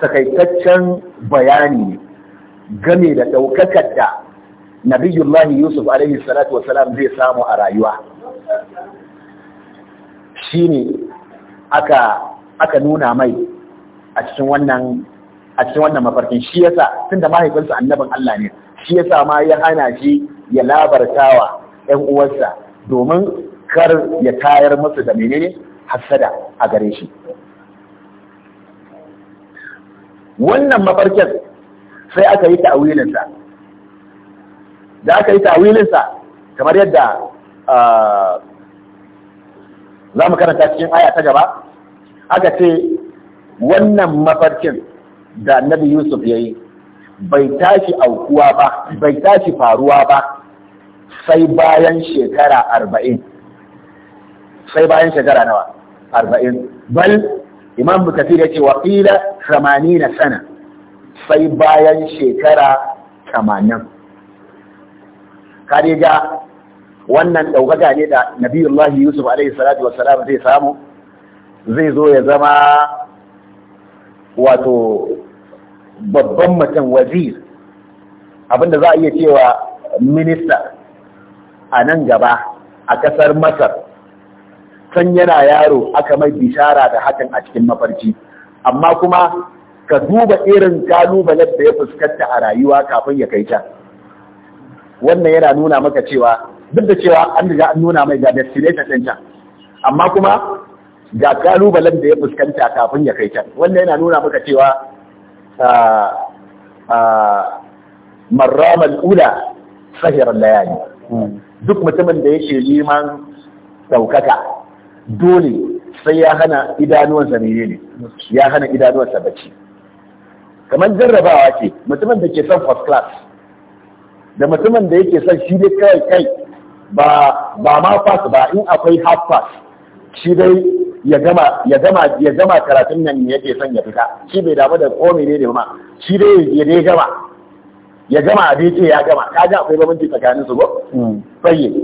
takaitaccen bayani game da ɗaukakar da nabiyullahi yusuf alaihi salatu wasalam zai samu a rayuwa shine aka aka nuna mai a cikin wannan a cikin wannan mafarkin shi yasa tunda mahaifinsa annabin Allah ne shi yasa ma ya hana shi ya labartawa ƴan uwansa domin kar ya tayar musu da menene hasada a gare shi wannan mafarkin sai aka yi ta'awilinsa da aka yi tawilinsa kamar yadda za mu karanta cikin aya ta gaba aka ce wannan mafarkin da Nabi yusuf ya yi bai tashi aukuwa ba bai tashi faruwa ba sai bayan shekara arba'in sai bayan shekara nawa arba'in bal imam bukafir ya ce wa ƙila na sana sai bayan shekara tamanin ga wannan ɗaukaka ne da nabiyullahi yusuf alaihi salatu wassalam zai samu zai zo ya zama wato babban mutum wazir abinda za a iya cewa minista a nan gaba a ƙasar masar san yana yaro aka mai bishara da hakan a cikin mafarki amma kuma ka duba irin kalubalen da ya fuskanta a rayuwa kafin ya kai can wannan yana nuna maka cewa duk da cewa an riga an nuna mai ga destination ɗin can amma kuma ga kalubalen da ya fuskanta kafin ya kai can wannan yana nuna maka cewa marramal ula sahirar layani duk mutumin da yake liman ɗaukaka dole sai ya hana idanuwan zamiri ne ya hana idanuwan bacci kamar jarrabawa ce mutumin da ke son first class da mutumin da yake son shi dai kai kai ba ba ma fas ba in akwai half fas shi dai ya gama ya gama ya gama karatun nan ne yake son ya fita shi bai damu da ko ne ma shi dai ya dai gama ya gama a dai ya gama Ka ga akwai bambanci tsakanin su ko hmm. fayyin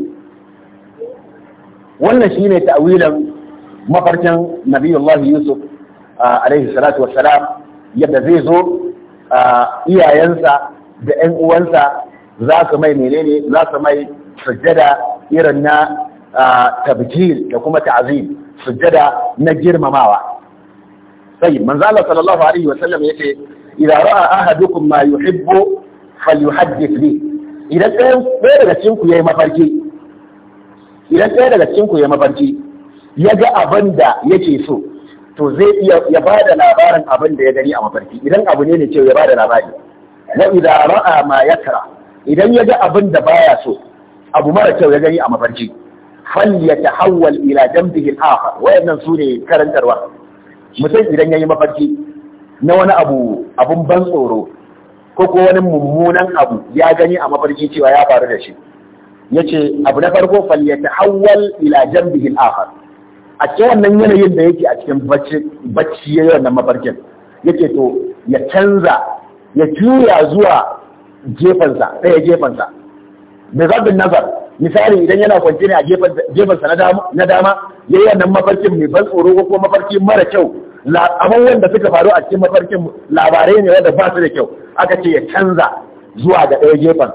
wannan shine ta'wilan mafarkin nabiyullah yusuf alaihi salatu wassalam yadda zai zo iyayensa da ƴan uwansa za su mai menene za su mai sujjada irin na tabjil da kuma ta'zim sujjada na girmamawa sai manzo Allah sallallahu alaihi wasallam yace idan ra'a ahadukum ma yuhibbu falyuhaddith li idan ɗaya daga cikin ku yayi mafarki idan ɗaya daga cikin ku yayi mafarki ya ga abin da yake so to zai iya ya ba da labarin abin da ya gani a mafarki idan abu ne ne ce ya ba da labari wa idan ra'a ma yakra idan ya ga abin da baya so abu mara kyau ya gani a mafarki hawwal ila jambihi al-akhar wayannan sune karantarwa mutum idan yayi mafarki na wani abu abun ban tsoro ko ko wani mummunan abu ya gani a mafarki cewa ya faru da shi yace abu na farko hawwal ila jambihi al-akhar a cikin wannan yanayin da yake a cikin bacci bacci yayin wannan mafarkin yake to ya canza ya juya zuwa gefansa ɗaya gefansa da zabin nazar misali idan yana kwance ne a jefansa na dama ya yi wannan mafarkin mai ban tsoro ko kuma mara kyau abubuwan wanda suka faru a cikin mafarkin labarai ne wanda ba su da kyau aka ce ya canza zuwa ga ɗaya gefen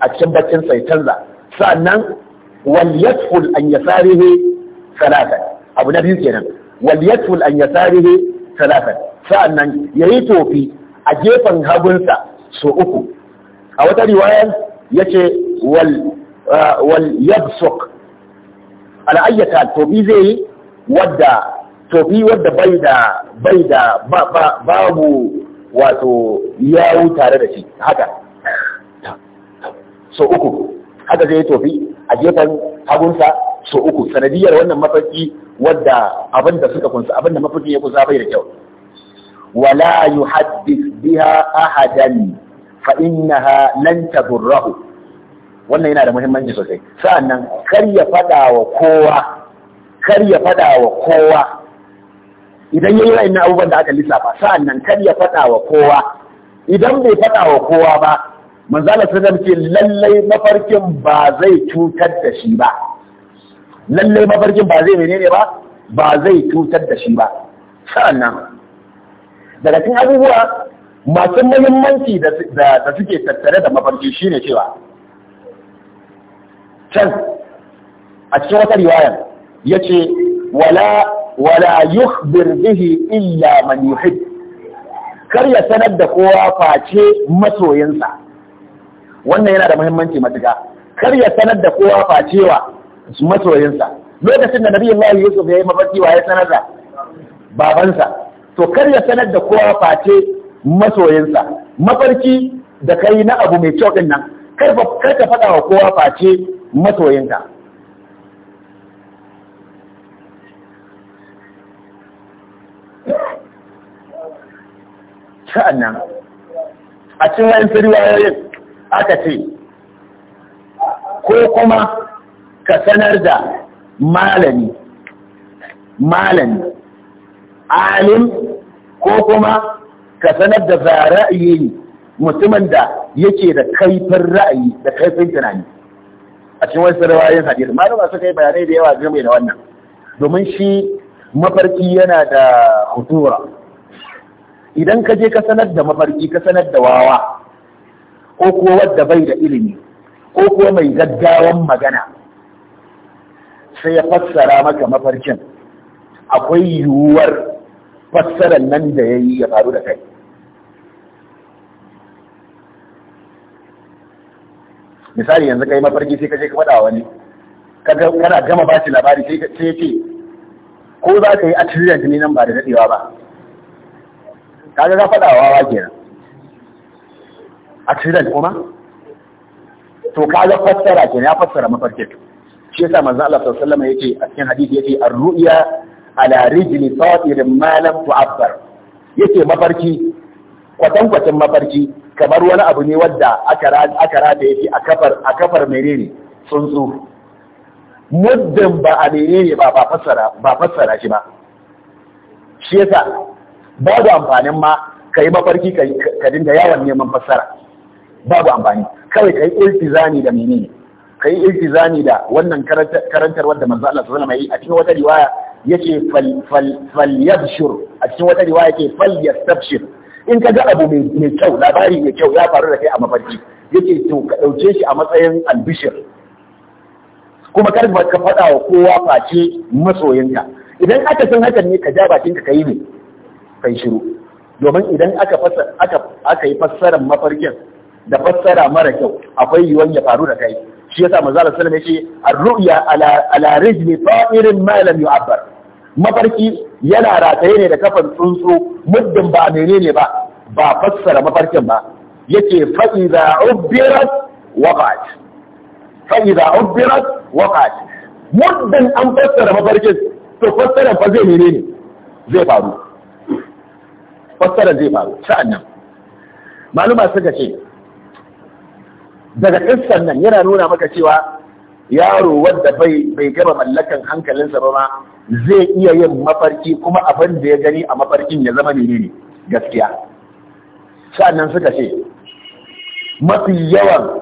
a cikin bakin sai canza sannan wal yadkhul an yasarihi salatan abu na biyu kenan wal yadkhul an yasarihi salatan sannan yayi tofi a gefen hagunsa so uku a wata riwayar yace wal uh, wal yabsuq al'ayyata tobi zai yi wadda tobi wadda bai da bai da babu wato yawu tare da shi haka so uku haka zai tofi a gefen hagunsa so uku sanadiyar wannan mafarki wadda abin da suka kunsa abin da mafarkin ya kunsa bai da kyau wala yuhaddith biha ahadan fa innaha lan tadurrahu wannan yana da muhimmanci sosai sa'annan kar ya fada wa kowa kar ya fada wa kowa idan yi yayi wa'annan abubuwan da aka lissafa sa'annan kar ya fada wa kowa idan bai fada wa kowa ba manzala sallallahu ce lallai mafarkin ba zai cutar da shi ba lallai mafarkin ba zai menene ba ba zai cutar da shi ba sa'annan daga cikin abubuwa masu muhimmanci da suke tattare da mafarki shine cewa can a cikin wata riwayar ya ce wala yuk yukhbir illa man yuhib kar ya sanar da kowa face masoyinsa wannan yana da muhimmanci matuka kar ya sanar da kowa facewa masoyinsa lokacin da nabi lahi Yusuf ya yi mafarki wa ya sanar da babansa to kar ya sanar da kowa face masoyinsa mafarki da kai na abu mai kyau din nan kar ka faɗa wa kowa face masoyinka sa'annan a cikin wayan riwayoyin aka ce ko kuma ka sanar da malami malami alim ko kuma ka sanar da za ra'ayi ne mutumin da yake da kaifin ra'ayi da kaifin tunani a cikin wasu rawayoyin hadisi malama suka yi bayanai da yawa game da wannan domin shi mafarki yana da hutura idan ka je ka sanar da mafarki ka sanar da wawa ko kuwa wadda bai da ilimi ko kuwa mai gaggawan magana sai ya fassara maka mafarkin akwai yiwuwar fassarar nan da ya yi ya faru da kai misali yanzu kai mafarki sai ka je ka faɗa wani kana gama ba shi labari sai ya ce ko za ka yi a cikin ne nan ba da daɗewa ba kaga ka faɗa wa a kenan accident kuma to kaga fassara ke ya fassara mafarkin shi yasa manzo Allah sallallahu alaihi wasallam yake a cikin hadisi yake ar-ru'ya ala rijli ta'irin malam tu'abbar yake mafarki kwatankwacin mafarki kamar wani abu ne wadda aka rata yake a kafar a kafar menene tsuntsu muddin ba a menene ba ba fassara ba fassara shi ba shi yasa babu amfanin ma kai mafarki ka dinga yawan neman fassara babu amfani kawai kai iltizami da menene kai iltizami da wannan karantar wanda manzo Allah sallallahu alaihi wasallam yi a cikin wata riwaya yake falyabshur a cikin wata riwaya yake falyastabshir in ka ga abu mai kyau labari mai kyau ya faru da kai a mafarki Yake to ka dauke shi a matsayin albishir kuma kar ka faɗa wa kowa face masoyinka idan aka san hakan ne ka ja bakin ka kai ne kai shiru domin idan aka aka aka yi fassarar mafarkin da fassara mara kyau akwai yiwuwar ya faru da kai shi yasa manzo Allah sallallahu alaihi wasallam yace ar-ru'ya ala ala rijli ta'irin ma lam yu'abbar mafarki yana rataye ne da kafan tsuntsu muddin ba menene ba ba fassara mafarkin ba yace fa idza ubbirat waqat fa idza ubbirat waqat muddin an fassara mafarkin to fassara fa zai menene zai faru fassara zai faru sa'annan maluma suka ce daga kissan nan yana nuna maka cewa yaro wanda bai bai gaba mallakan hankalinsa ba ma zai iya yin mafarki kuma abin da ya gani a mafarkin ya zama menene gaskiya sa'annan suka ce mafi yawan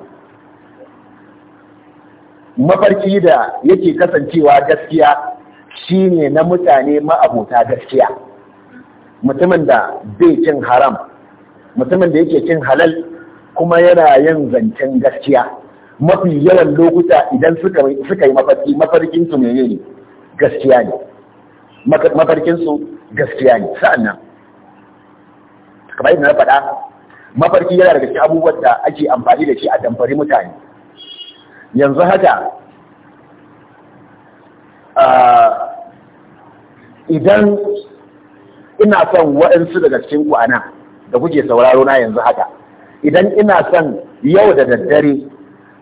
mafarki da yake kasancewa gaskiya shine na mutane ma'abota gaskiya mutumin da bai cin haram mutumin da yake cin halal kuma yana yin zancen gaskiya mafi yawan lokuta idan suka yi mafarki mafarkin su ne gaskiya ne mafarkin su gaskiya ne sa'an nan. kamar yadda na faɗa mafarki yana daga cikin abubuwan da ake amfani da shi a damfari mutane yanzu haka idan ina son waɗansu daga cikin ku a nan da kuke sauraro na yanzu haka idan ina son yau da daddare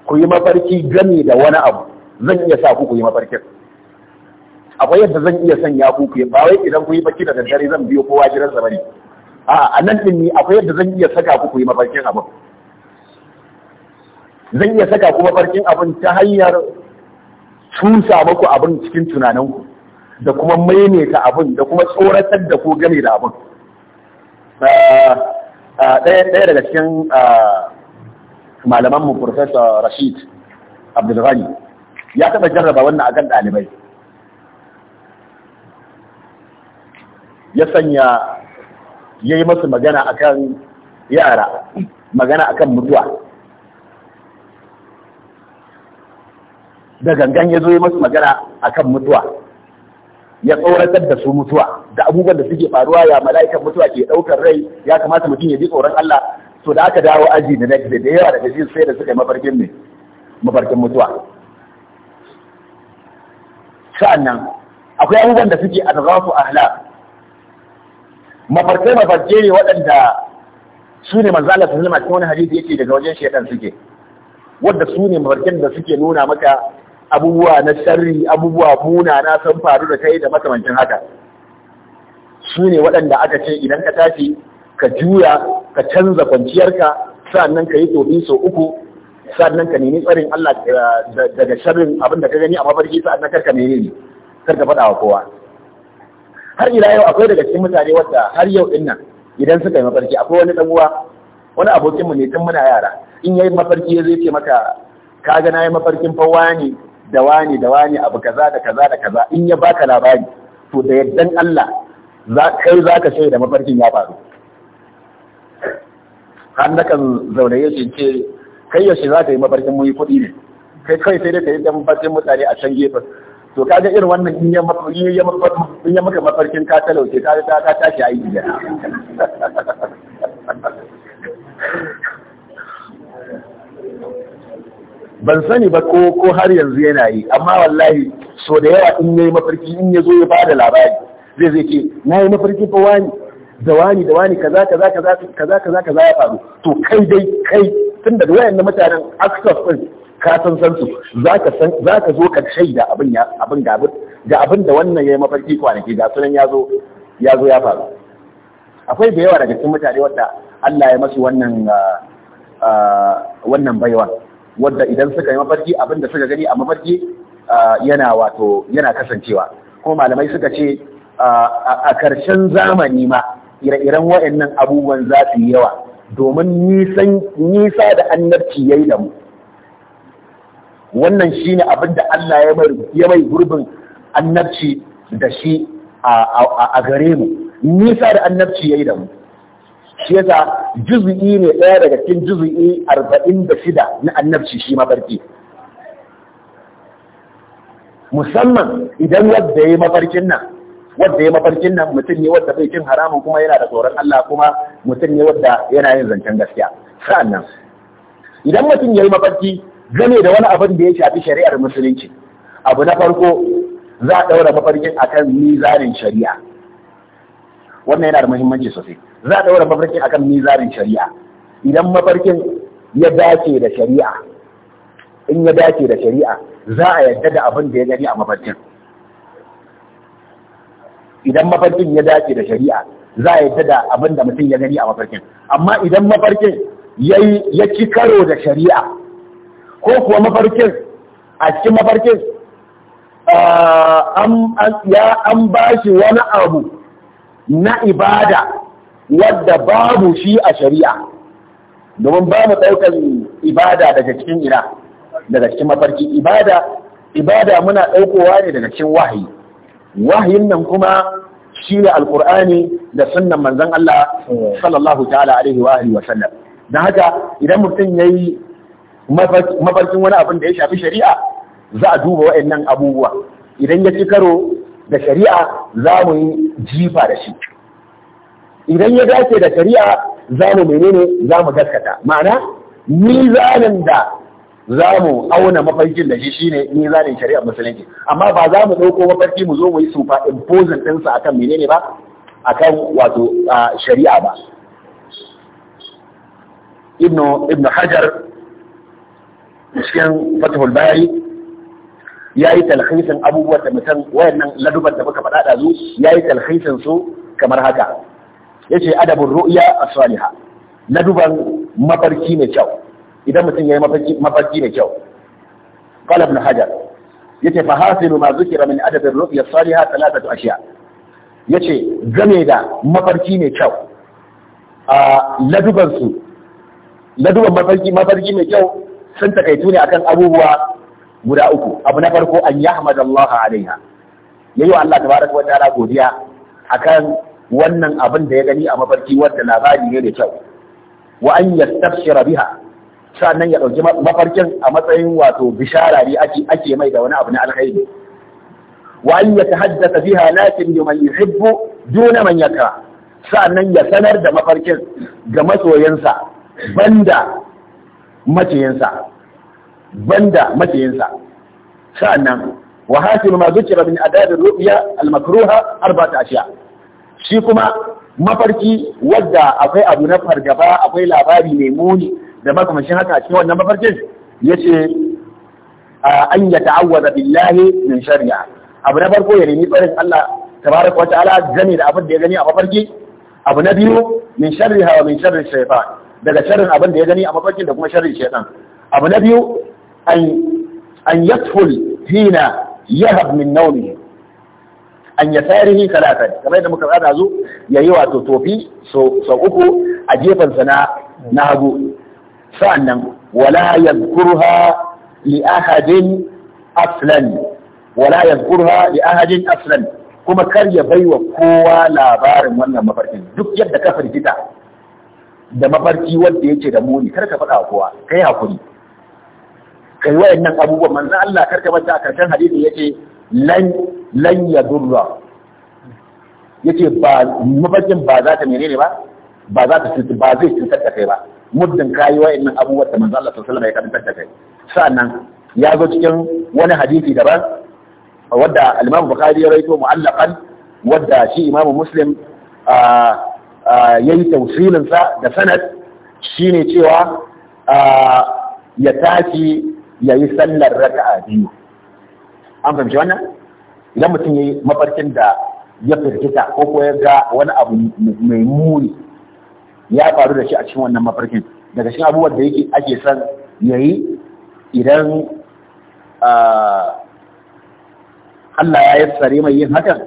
ku yi mafarki gami da wani abu zan iya sa ku ku yi mafarkin akwai yadda zan iya sanya ya ku ba wai idan ku yi baki da daddare zan biyo kowa gidan sa bane a nan din ni akwai yadda zan iya saka ku ku yi mafarkin abu zan iya saka ku mafarkin abin ta hanyar cusa muku abin cikin tunaninku da kuma maimaita abin da kuma tsoratar da ku game da abin Ah, ɗaya daga cikin ah, malamanmu Professor Rashid Ghani ya taɓa jarraba wannan akan ɗalibai. Ya sanya ya yi masu magana akan yara, magana akan mutuwa. Da gangan ya zo yi masu magana akan mutuwa. ya tsoratar da su mutuwa da abubuwan da suke faruwa ya mala'ikan mutuwa ke ɗaukar rai ya kamata mutum ya bi tsoron Allah to da aka dawo aji da na da yawa daga jin sai da suka yi mafarkin ne mafarkin mutuwa sa'annan akwai abubuwan da suke a ahla mafarkai mafarkai ne waɗanda su ne manzo Allah sallallahu alaihi wasallam cikin wani hadisi yake daga wajen shaytan suke wanda su ne mafarkin da suke nuna maka abubuwa na sharri abubuwa na sun faru da kai da makamancin haka su ne waɗanda aka ce idan ka tashi ka juya ka canza kwanciyarka sannan ka yi tobi sau uku sannan ka nemi tsarin Allah eh, daga sharrin abin da ka gani a mafarki sannan karka nemi ne ka faɗa wa kowa har ila yau akwai daga cikin mutane wadda har yau din nan idan suka yi mafarki akwai wani ɗan uwa wani abokinmu ne tun muna yara in yayi mafarki ya zai ce maka ka ga na yi mafarkin fawa ne da wani da wani abu kaza da kaza da kaza in ya baka labari to da yaddan Allah za kai za ka shaida mafarkin ya faru an da kan zaune ya ce kai yaushe za ka yi mafarkin mu yi kuɗi ne kai kai sai dai kai yi da mafarkin mutane a can gefen to kaga irin wannan in ya maka mafarkin ka talauce ka ta tashi a yi ban sani ba ko ko har yanzu yana yi amma wallahi so da yawa in yayi mafarki in yazo zo ya bada labari zai zai ce na yi mafarki fa wani da wani da wani kaza kaza kaza kaza kaza kaza ya faru to kai dai kai tun da wayannan mutanen access din ka san san su zaka san zaka zo ka shaida abin ya abin da abin da abin da wannan yayi mafarki kwanaki ga sunan ya zo ya zo ya faru akwai da yawa daga cikin mutane wanda Allah ya masu wannan ah, ah, wannan baiwa wadda idan suka yi mafarki abinda da suka gani a mafarki yana wato yana kasancewa Ko malamai suka ce a karshen zamani ma ire-iren waɗannan abubuwan za su yi yawa domin nisa da annabci yi da mu wannan shine abin da Allah ya mai gurbin annabci da shi a gare mu nisa da annabci yi da mu shi yasa juz'i ne ɗaya daga cikin juz'i arba'in da shida na annabci shi mafarki musamman idan wadda ya yi mafarkin nan wadda ya yi mafarkin nan mutum ne wadda bai cin haramun kuma yana da tsoron Allah kuma mutum ne wadda yana yin zancen gaskiya sa'annan idan mutum ya yi mafarki game da wani abin da ya shafi shari'ar musulunci abu na farko za a ɗaura mafarkin akan mizanin shari'a wannan yana da muhimmanci sosai za a daura mafarkin akan mizanin shari'a idan mafarkin ya dace da shari'a in ya dace da shari'a za a yadda da abin da ya gani a mafarkin idan mafarkin ya dace da shari'a za a yadda da abin da mutum ya gani a mafarkin amma idan mafarkin ya ci karo da shari'a ko kuwa mafarkin a cikin mafarkin ah, ya an ba shi wani abu na ibada wadda babu shi a shari'a domin ba mu ɗaukar ibada daga cikin ina daga cikin mafarki ibada ibada muna ɗaukowa ne daga cikin wahayi wahayin nan kuma shi ne alƙur'ani da sunnan manzon Allah sallallahu ta'ala alaihi wa alihi wa sallam dan haka idan mutum yayi mafarkin wani abin da ya shafi shari'a za a duba waɗannan abubuwa idan ya ci karo da shari'a za mu yi jifa da shi idan ya dace da shari'a za mu menene za mu gaskata ma'ana mizanin da za mu auna mafarkin da shi shine mizanin shari'a musulunci amma ba za mu ɗauko mafarki mu zo mu yi superimposing ɗinsa akan menene ba akan wato shari'a ba ibnu hajar cikin fatahul bari ya yi talhisin abubuwan da mutum wayannan laduban da muka faɗa ɗazu ya yi talhisin su kamar haka ya ce adabin ru'ya a saliha laduban mafarki mai kyau idan mutum ya yi mafarki mai kyau قال ابن حجر yace fa hasilu ma zukira min adab ar-ru'ya as-saliha thalathatu ashiya ce game da mafarki mai kyau a laduban su laduban mafarki mai kyau sun takaitu ne akan abubuwa guda uku abu na farko an yahmad Allah alaiha yayi wa Allah tabaraka wa ta'ala godiya akan wannan abin da ya gani a mafarki wanda labari ne da kyau wa an yastabshira biha sannan ya ɗauki mafarkin a matsayin wato bishara ne ake ake mai da wani abu na alkhairi wa an yatahaddatha biha lakin liman yuhibbu duna man yakra sannan ya sanar da mafarkin ga masoyansa banda maciyinsa banda makiyinsa sa'annan wa hasil ma zukira min adad ru'ya al makruha arba'ata ashiya shi kuma mafarki wadda akwai abu na fargaba akwai labari mai muni da makamashin haka a cikin wannan mafarkin ya ce an ya ta'awwaza billahi min shari'a abu na farko ya nemi tsarin Allah tabaraka wata'ala game da abin da ya gani a mafarki abu na biyu min sharriha wa min sharri shaytan daga sharrin abin da ya gani a mafarkin da kuma sharrin shaytan abu na biyu أن يطفل حين يهب من نومه an ya tarihi talatan kamar da muka tsada zo, ya yi wato tofi sau uku a jefansa na na hagu sa'annan wala yadhkurha li ahadin aslan wala yadhkurha li ahadin aslan kuma kar ya baiwa kowa labarin wannan mafarkin duk yadda ka firgita da mafarki wanda yake da muni kar ka faɗa kowa ka yi hakuri kai nan abubuwan manzon Allah karka bata a karshen hadisi yace lan lan yadurra yace ba mafakin ba za ta menene ba ba za ta ba zai cutar da kai ba muddin kayi nan abubuwan da manzon Allah sallallahu alaihi wasallam ya karantar kai sa'annan ya zo cikin wani hadisi daban wadda al-Imam Bukhari ya rawaito mu'allaqan wadda shi Imam Muslim ya yi tausilinsa da sanad shine cewa ya tashi ya yi sallar raka'a biyu an fahimci wannan idan mutum ya yi mafarkin da ya firgita ko ko ya ga wani abu mai muni ya faru da shi a cikin wannan mafarkin daga cikin abubuwan da yake ake son ya yi idan Allah ya yi tsare mai yin hakan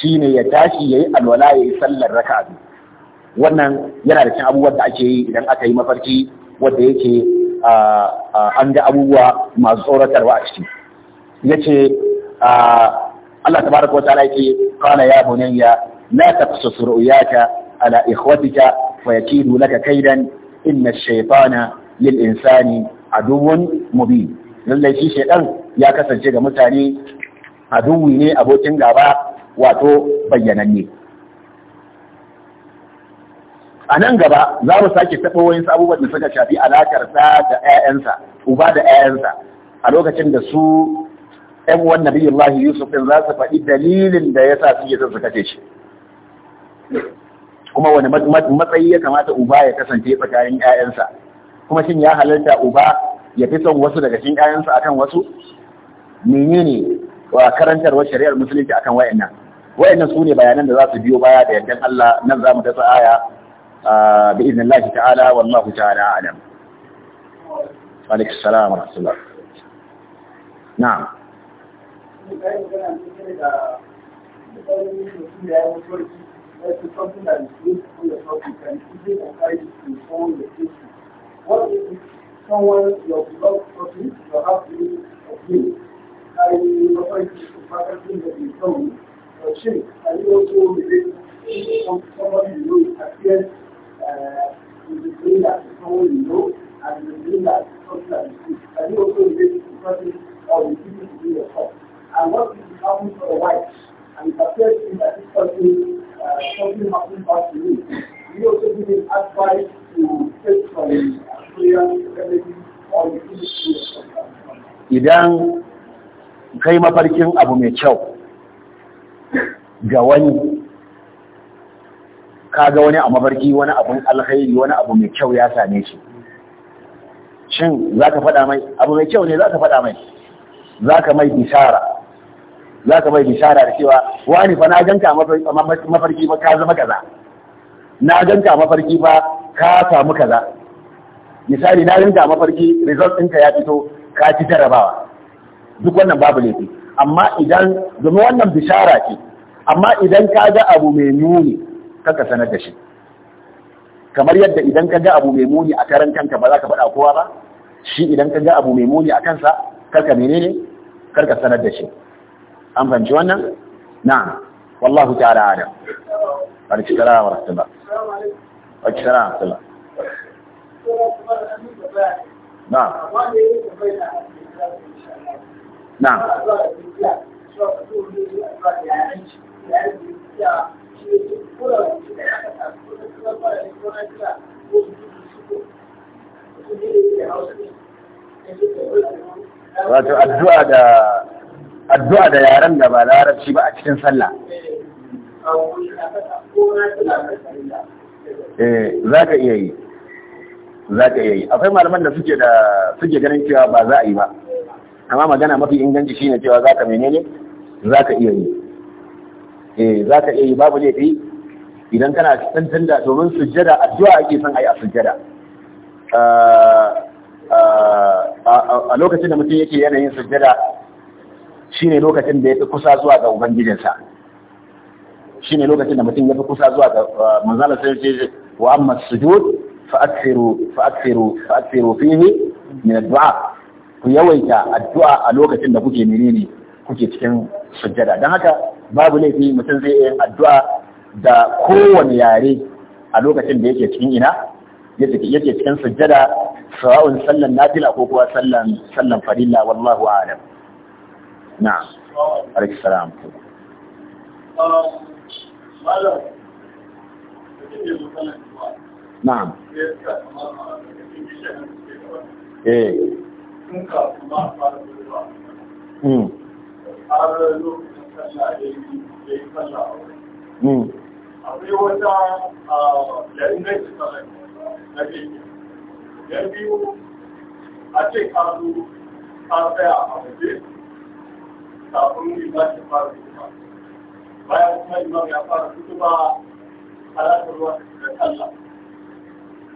shi ne ya tashi ya yi alwala ya yi sallar raka biyu wannan yana da cikin abubuwan da ake yi idan aka yi mafarki wanda yake an ga abubuwa masu tsoratarwa a ciki Ya ce, Allah tabaraka wa ta'ala yake qala ya Na ya fi la ya ru'yaka ala ikhwatika fayakidu laka kaidan inna ash-shaytana lil insani aduwwun mubin lallai shi shaytan ya kasance ga mutane aduwi ne abokin gaba wato bayyananne a nan gaba za mu sake taɓa wayansu abubuwan da suka shafi alaƙar sa da ƴaƴansa uba da ƴaƴansa a lokacin da su ƴan uwan nabiyullahi yusuf din za su faɗi dalilin da ya sa suke son su shi kuma wani matsayi ya kamata uba ya kasance tsakanin ƴaƴansa kuma shin ya halarta uba ya fi son wasu daga cikin ƴaƴansa akan wasu menene wa karantarwar shari'ar musulunci akan wayannan wayannan su ne bayanan da za su biyo baya da yardan Allah nan za mu dasa aya آه، بإذن الله تعالى والله تعالى أعلم عليك السلام ورحمة الله نعم Someone uh, the that you know and the thing that that you And you also relate person or the people do yourself. And what is happening for the wife? And it appears to me that this person, uh, something happened back to me. You also give advice to take from prayer, or the Idan kai mafarkin abu mai kyau ga wani kaga wani a mafarki wani abun alkhairi wani abu mai kyau ya same shi shin za ka faɗa mai abu mai kyau ne za ka faɗa mai za ka mai bishara za ka mai bishara da cewa wani fa na ganka mafarki ba ka zama kaza na ganka mafarki ba ka samu kaza misali na ganka mafarki result ɗinka ya fito ka ci jarabawa duk wannan babu laifi amma idan domin wannan bishara ce amma idan ka ga abu mai nuni kaka sanar da shi kamar yadda idan ka ga abu mai muni a karan kanka ba za ka faɗa kowa ba shi idan ka ga abu mai muni a kansa karka menene karka sanar da shi an fahimci wannan Na. wallahu ta'ala alam barki sala wa rahmatullah barki sala wa rahmatullah Na. Na. wato addu'a da addu'a da yaren da ba larabci ba a cikin sallah eh za iya yi za iya yi akwai malaman da suke da suke ganin cewa ba za a yi ba amma magana mafi inganci shine cewa za ka menene za iya yi Eh, za ka iya yi babu laifi idan kana tantan da domin sujjada addu'a ake son ayi a sujjada ah, ah, ah, a lokacin da mutum yake yanayin sujjada shine lokacin da ya fi kusa zuwa ga ubangijinsa shine lokacin da mutum ya fi kusa zuwa ga manzala sai ce wa amma sujud fa akthiru fa akthiru fa akthiru fihi min addu'a ku yawaita addu'a a lokacin da kuke menene kuke cikin sujjada don haka babu laifi mutum zai yin addu'a da kowane yare a lokacin da yake cikin ina yake cikin sujjada sawa'un sallan nafila ko kuwa sallan sallan farilla wallahu a'lam na. alaihi salam na'am eh hmm. Hmm. har lokacin sallah da ya yi sallah akwai wata larinar sallah na keke yan biyu a ce ka zo ka tsaya a waje kafin liman ya fara Ba bayan kuma liman ya fara kutuba halatar ruwa ta shiga sallah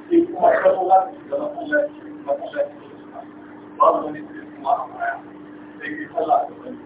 kuma ka zo za ka shiga masallaci masallaci babu wani sai kuma a baya sai ka sallah a gaban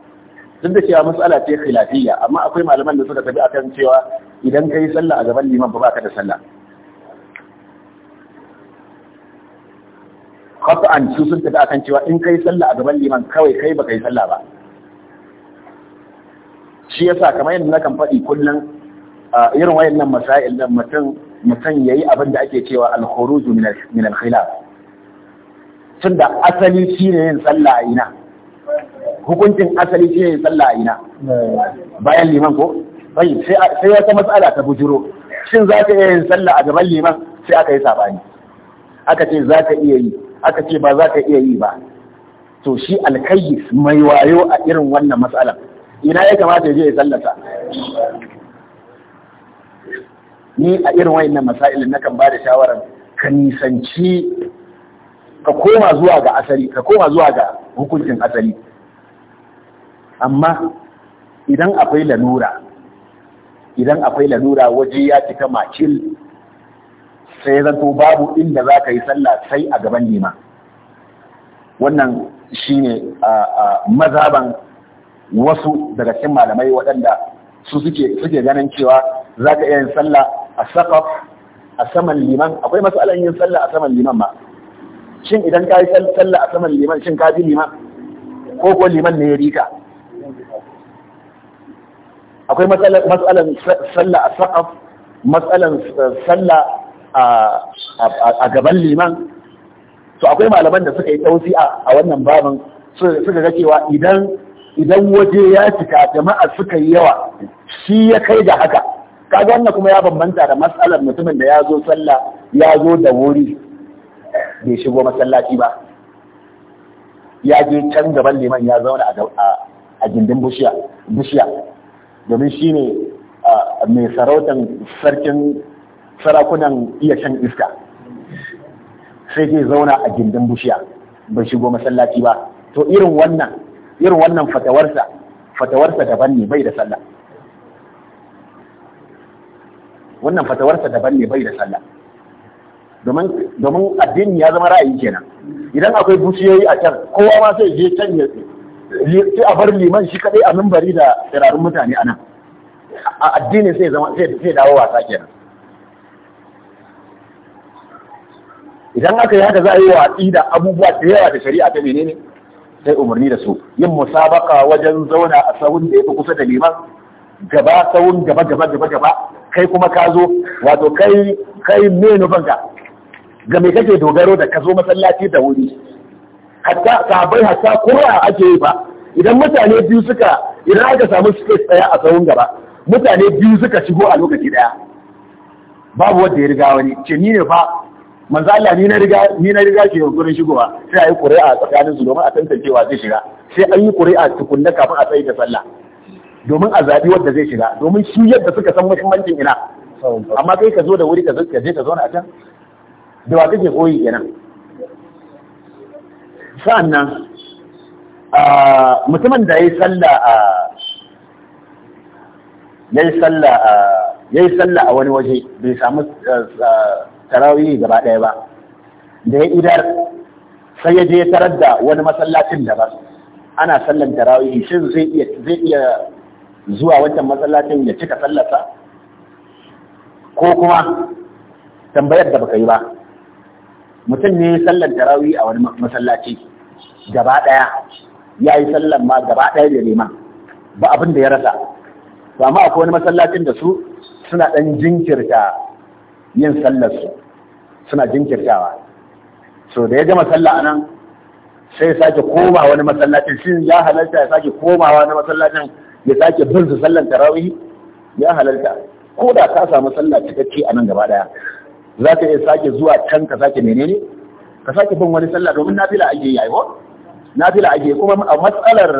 duk da cewa matsala ce khilafiyya amma akwai malaman da suka tafi akan cewa idan ka yi sallah a gaban liman ba ka da sallah an su sun tafi akan cewa in kai sallah a gaban liman kawai kai baka yi sallah ba shi yasa kamar yadda na kan faɗi kullum irin wayannan masail nan mutum mutum yayi abin da ake cewa al-khuruj min al-khilaf tunda asali shine yin sallah a ina hukuncin asali shi ne sallah a ina eh. bayan liman ko sai wata matsala ta bujuro shin za ka iya yin sallah a gaban liman sai aka yi sabani aka ce za ka iya yi aka ce ba za ka iya yi ba to shi alkayis mai wayo a irin wannan matsalar ina ya kamata ya je ya sallata ni a irin wayannan masailin na kan bada shawarar ka nisanci ka koma zuwa ga asali ka koma zuwa ga hukuncin asali amma idan akwai lalura idan akwai lalura waje ya cika makil, sai zanto babu inda za ka yi sallah sai a gaban nema wannan shine mazaban wasu daga cikin malamai waɗanda su suke ganin cewa za ka iya yin sallah a sakaf a saman liman akwai matsalan yin sallah a saman liman ma shin idan ka yi sallah a saman liman shin ka ji liman ko ko liman ne ya rika akwai matsalan sallah a saƙaf matsalan sallah a gaban liman to akwai malaman da suka yi tausi a wannan babin suka ga cewa idan waje ya cika jama'a suka yi yawa shi ya kai da haka kaga wannan kuma ya bambanta da matsalar mutumin da ya zo sallah ya zo da wuri bai shigo masallaci ba ya je can gaban liman ya zauna a gindin bishiya domin shi ne mai sarautan sarkin sarakunan iya shan iska sai ke zauna a gindin bushiya bai shigo masallaci ba to irin wannan irin wannan fatawarsa fatawarsa daban ne bai da sallah wannan fatawarsa daban ne bai da sallah domin addini ya zama ra'ayi kenan idan akwai bushiyoyi a can kowa ma sai je can ya sai a bar liman shi kadai a mimbari da tsirarun mutane a nan a addini sai zama sai dawo wasa kenan idan aka yi haka za a yi watsi da abubuwa da yawa da shari'a ta menene sai umarni da su yin musabaka wajen zauna a sahun da ya kusa da liman gaba sahun gaba gaba gaba gaba kai kuma ka zo wato kai kai menu banka ga me kake dogaro da ka zo masallaci da wuri hatta sahabbai hatta kura ake yi ba idan mutane biyu suka idan aka samu suka tsaya a tsawon gaba mutane biyu suka shigo a lokaci daya babu wanda ya riga wani ce ni ne fa manzo Allah ni na riga ni na riga ke gurin shigowa sai ayi qur'a tsakanin su domin a tantancewa zai shiga sai an yi qur'a tukunna kafin a tsaye da sallah domin a zabi wanda zai shiga domin shi yadda suka san muhimmancin ina amma kai ka zo da wuri ka je ka zauna a can da wa kake koyi kenan sa'annan mutumin da ya yi sallah a ya yi sallah a ya yi a wani waje bai samu tarawih gaba ɗaya ba da ya idar sai ya je tarar da wani masallacin ba, ana sallan tarawih shin zai iya zai iya zuwa wancan masallacin ya cika sallarsa ko kuma tambayar da baka yi ba mutum ne sallan tarawih a wani masallaci gaba ɗaya ya yi sallan ma gaba ɗaya da neman ba abin da ya rasa ba ma akwai wani masallacin da su suna ɗan jinkirta yin sallar su suna jinkirtawa so da ya gama sallah anan sai sake koma wani masallacin shin ya halarta ya sake komawa na masallacin ya sake bin su sallan tarawih ya halarta ko da ka samu sallah cikakke a nan gaba ɗaya, za ka iya sake zuwa can ka sake menene ka sake bin wani sallah domin nafila ake yi ko? fi ake kuma a matsalar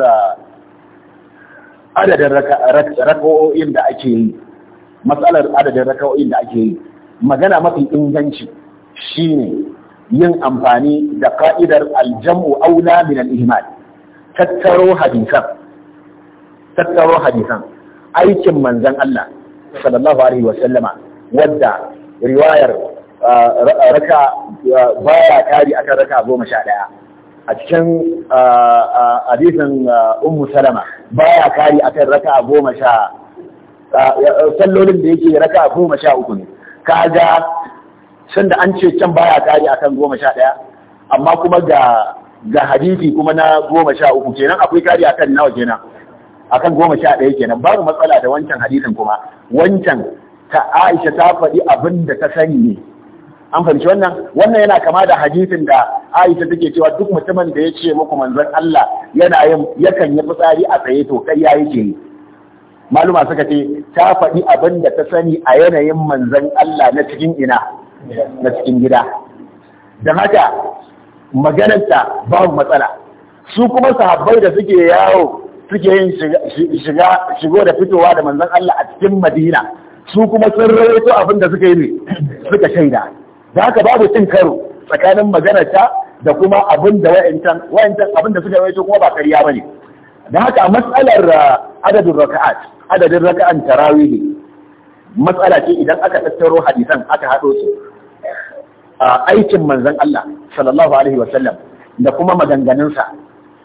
ah, adadin raka'o'in da ake yi matsalar adadin raka'o'in da ake yi magana mafi inganci shine yin amfani da ka'idar aljamu aula min al-ihmal tattaro hadisan tattaro hadisan aikin manzon Allah sallallahu alaihi wa sallama wadda riwayar ah, raka ah, baya kari akan raka goma sha ɗaya a cikin hadisin ummu salama baya kari akan raka goma sha sallolin da yake raka goma sha uku ne kaga sun da an ce can baya kari akan goma sha ɗaya amma kuma ga ga hadisi kuma na goma sha uku kenan akwai kari akan nawa kenan akan goma sha ɗaya kenan babu matsala da wancan hadisin kuma wancan ta Aisha ta faɗi abin da ta sani ne an fahimci wannan wannan yana kama da hadisin da Aisha take cewa duk mutumin da ya ce muku manzon Allah yana yin yakan yi fitsari a tsaye to kai yayi ke maluma suka ce ta faɗi abin da ta sani a yanayin manzon Allah na cikin ina na cikin gida dan haka maganarta babu matsala su kuma sahabbai da suke yawo suke yin shiga shigo da fitowa da manzon Allah a cikin Madina su kuma sun rawaito abin da suka yi ne suka shaida da haka babu cin karo tsakanin magana ta da kuma abin da wa'ancan wa'ancan abin da suka kuma ba ƙarya bane da haka a matsalar uh, adadin raka'at adadin raka'an tarawih matsala ce idan aka tattaro hadisan aka haɗo su aikin manzon Allah sallallahu alaihi wa sallam da kuma maganganunsa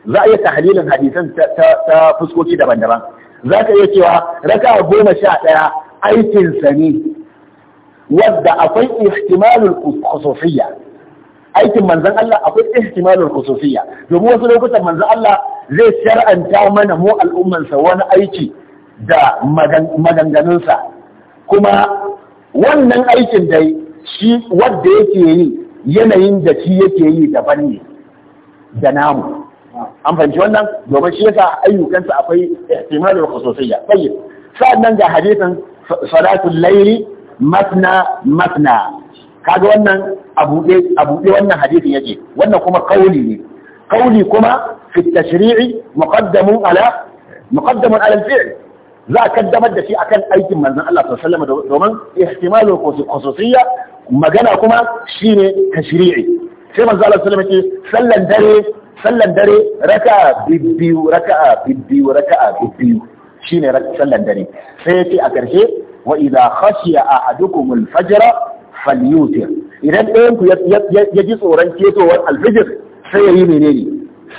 za a yi tahlilin hadisan ta fuskoki daban-daban za ka iya cewa raka'a goma sha ɗaya aikinsa ne wadda akwai ihtimalul khususiyya aikin manzon Allah akwai ihtimalul khususiyya domin wasu lokutan manzon Allah zai shar'anta mana mu al'ummansa wani aiki da maganganunsa kuma wannan aikin da shi wadda yake yi yanayin da shi yake yi daban ne da namu an fahimci wannan domin shi yasa ayyukansa akwai ihtimalul khususiyya tayyib sa'annan ga hadisin salatul layli matna matna kaga wannan abu ɗaya wannan hadisin yake wannan kuma kauli ne kauli kuma fi tashri'i muqaddamun ala muqaddamun ala al-fi'l za a kaddamar da shi akan aikin manzon Allah sallallahu alaihi wasallam domin ihtimalu khususiyya magana kuma shine tashri'i sai manzon Allah sallallahu alaihi wasallam sallan dare sallan dare raka'a bibbi'u raka'a bibbi'u raka'a bibbi'u shine sallan dare sai yace a karshe wa idza khashiya ahadukum al-fajr falyutir idan ɗayan ku ya ji tsoron ketowar alfijir sai yayi menene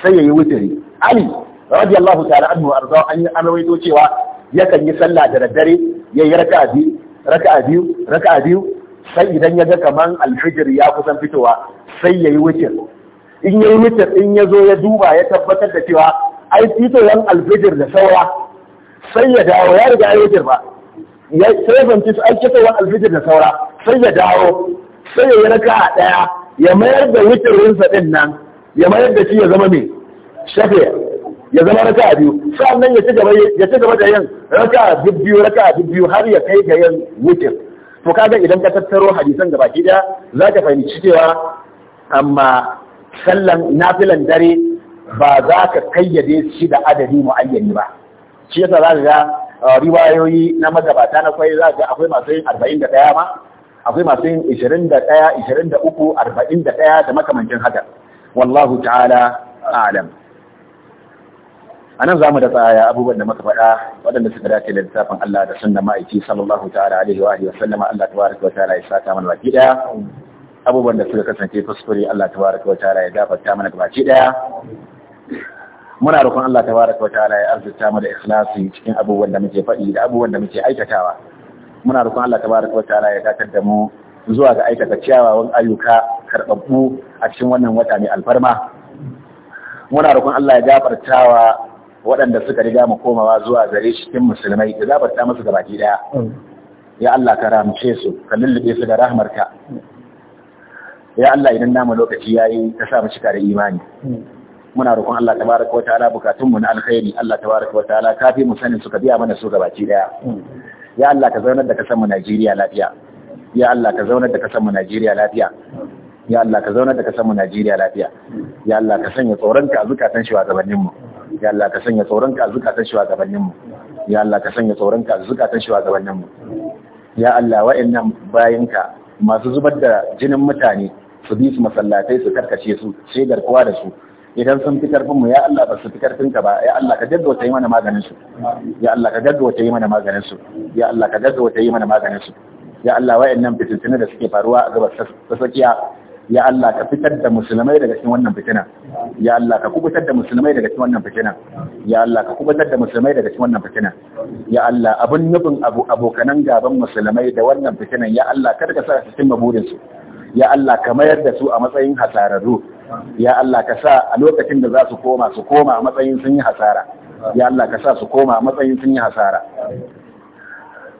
sai yayi wutiri ali radiyallahu ta'ala anhu arda an yi amrawaito cewa yakan yi sallah da daddare yayi raka'a biyu raka'a biyu raka'a biyu sai idan ya ga kaman alfijir ya kusan fitowa sai yayi wutir in yayi wutir in ya zo ya duba ya tabbatar da cewa ai fitowar alfijir da saura sai ya dawo ya riga ya wutir ba ya sai su ai kitowar alfijir da saura sai ya dawo sai ya yi raka a ɗaya ya mayar da witirinsa ɗin nan ya mayar da shi ya zama mai shafe ya zama raka a biyu sa'annan ya ci gaba da yin raka a biyu raka a biyu har ya kai ga yin witir to kaga idan ka tattaro hadisan gaba ki daya za ka fahimci cewa amma sallan nafilan dare ba za ka kayyade shi da adadi mu'ayyani ba shi yasa za ka ga Ah, riwayoyi na magabata na kwai za ga akwai masu yin arba'in da ɗaya ma akwai masu yin ishirin da ɗaya ishirin da uku arba'in da ɗaya da makamancin haka wallahu ta'ala alam a nan za mu da tsaya abubuwan da muka faɗa waɗanda suka dace da littafin Allah da sunna ma'aiki sallallahu ta'ala alaihi wa alihi wa sallama Allah tabaraka wa ta'ala ya saka mana baki daya abubuwan da suka kasance kuskure Allah tabaraka wa ta'ala ya gafarta mana baki daya muna rukun Allah ta baraka wa ta'ala ya arzuta mu da ikhlasi cikin abubuwan da muke faɗi da abubuwan da muke aikatawa muna rukun Allah ta baraka wa ta'ala ya dakatar da mu zuwa ga aikata ciyawawan ayyuka karɓaɓɓu a cikin wannan wata mai alfarma muna rukun Allah ya gafartawa waɗanda suka riga mu komawa zuwa gare shi cikin musulmai da gafarta musu gabaki ɗaya ya Allah ka ramce su ka lullube su da rahmarka ya Allah idan namu lokaci yayi ka sa mu cika da imani muna roƙon Allah tabaraka wa ta'ala bukatun mu na alkhairi Allah tabaraka wa ta'ala kafi mu sanin suka biya mana su gabaci daya ya Allah ka zaunar da kasar mu Najeriya lafiya ya Allah ka zaunar da kasar mu Najeriya lafiya ya Allah ka zaunar da kasar mu Najeriya lafiya ya Allah ka sanya tsoron ka zukatan wa mu ya Allah ka sanya tsoron ka zukatan wa mu ya Allah ka sanya tsoron ka zukatan wa mu ya Allah wa'annan bayinka masu zubar da jinin mutane su bi su masallatai su karkace su sai garkuwa da su idan sun fi karfin mu ya Allah ba su fi karfin ka ba ya Allah ka ta yi mana maganin su ya Allah ka gaggauta yi mana maganin su ya Allah ka gaggauta yi mana maganin su ya Allah wayannan fitintuna da suke faruwa a gabar ta tsakiya ya Allah ka fitar da musulmai daga cikin wannan fitina ya Allah ka kubutar da musulmai daga cikin wannan fitina ya Allah ka kubutar da musulmai daga cikin wannan fitina ya Allah abun nufin abu abokanan gaban musulmai da wannan fitinan ya Allah kada ka sa su cimma burin su ya Allah ka mayar da su a matsayin hasararru ya Allah ka sa a lokacin da za su koma su koma a matsayin sun yi hasara ya Allah ka sa su koma a matsayin sun yi hasara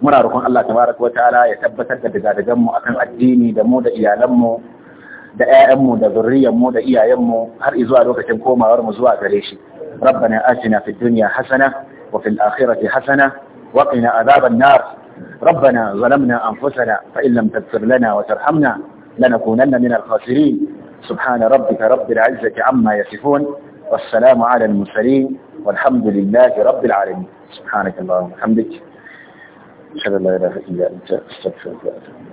muna roƙon Allah tabaraka wa ta'ala ya tabbatar da digadigan mu akan addini da mu da iyalan mu da ƴaƴan mu da zurriyan mu da iyayen mu har zuwa lokacin komawar mu zuwa gare shi ربنا آتنا في الدنيا حسنة وفي الآخرة حسنة وقنا عذاب النار ربنا ظلمنا أنفسنا فإن لم تغفر لنا وترحمنا لنكونن من الخاسرين سبحان ربك رب العزة عما يصفون والسلام على المرسلين والحمد لله رب العالمين سبحانك اللهم وبحمدك أشهد أن لا إله إلا أنت أستغفرك وأتوب اليك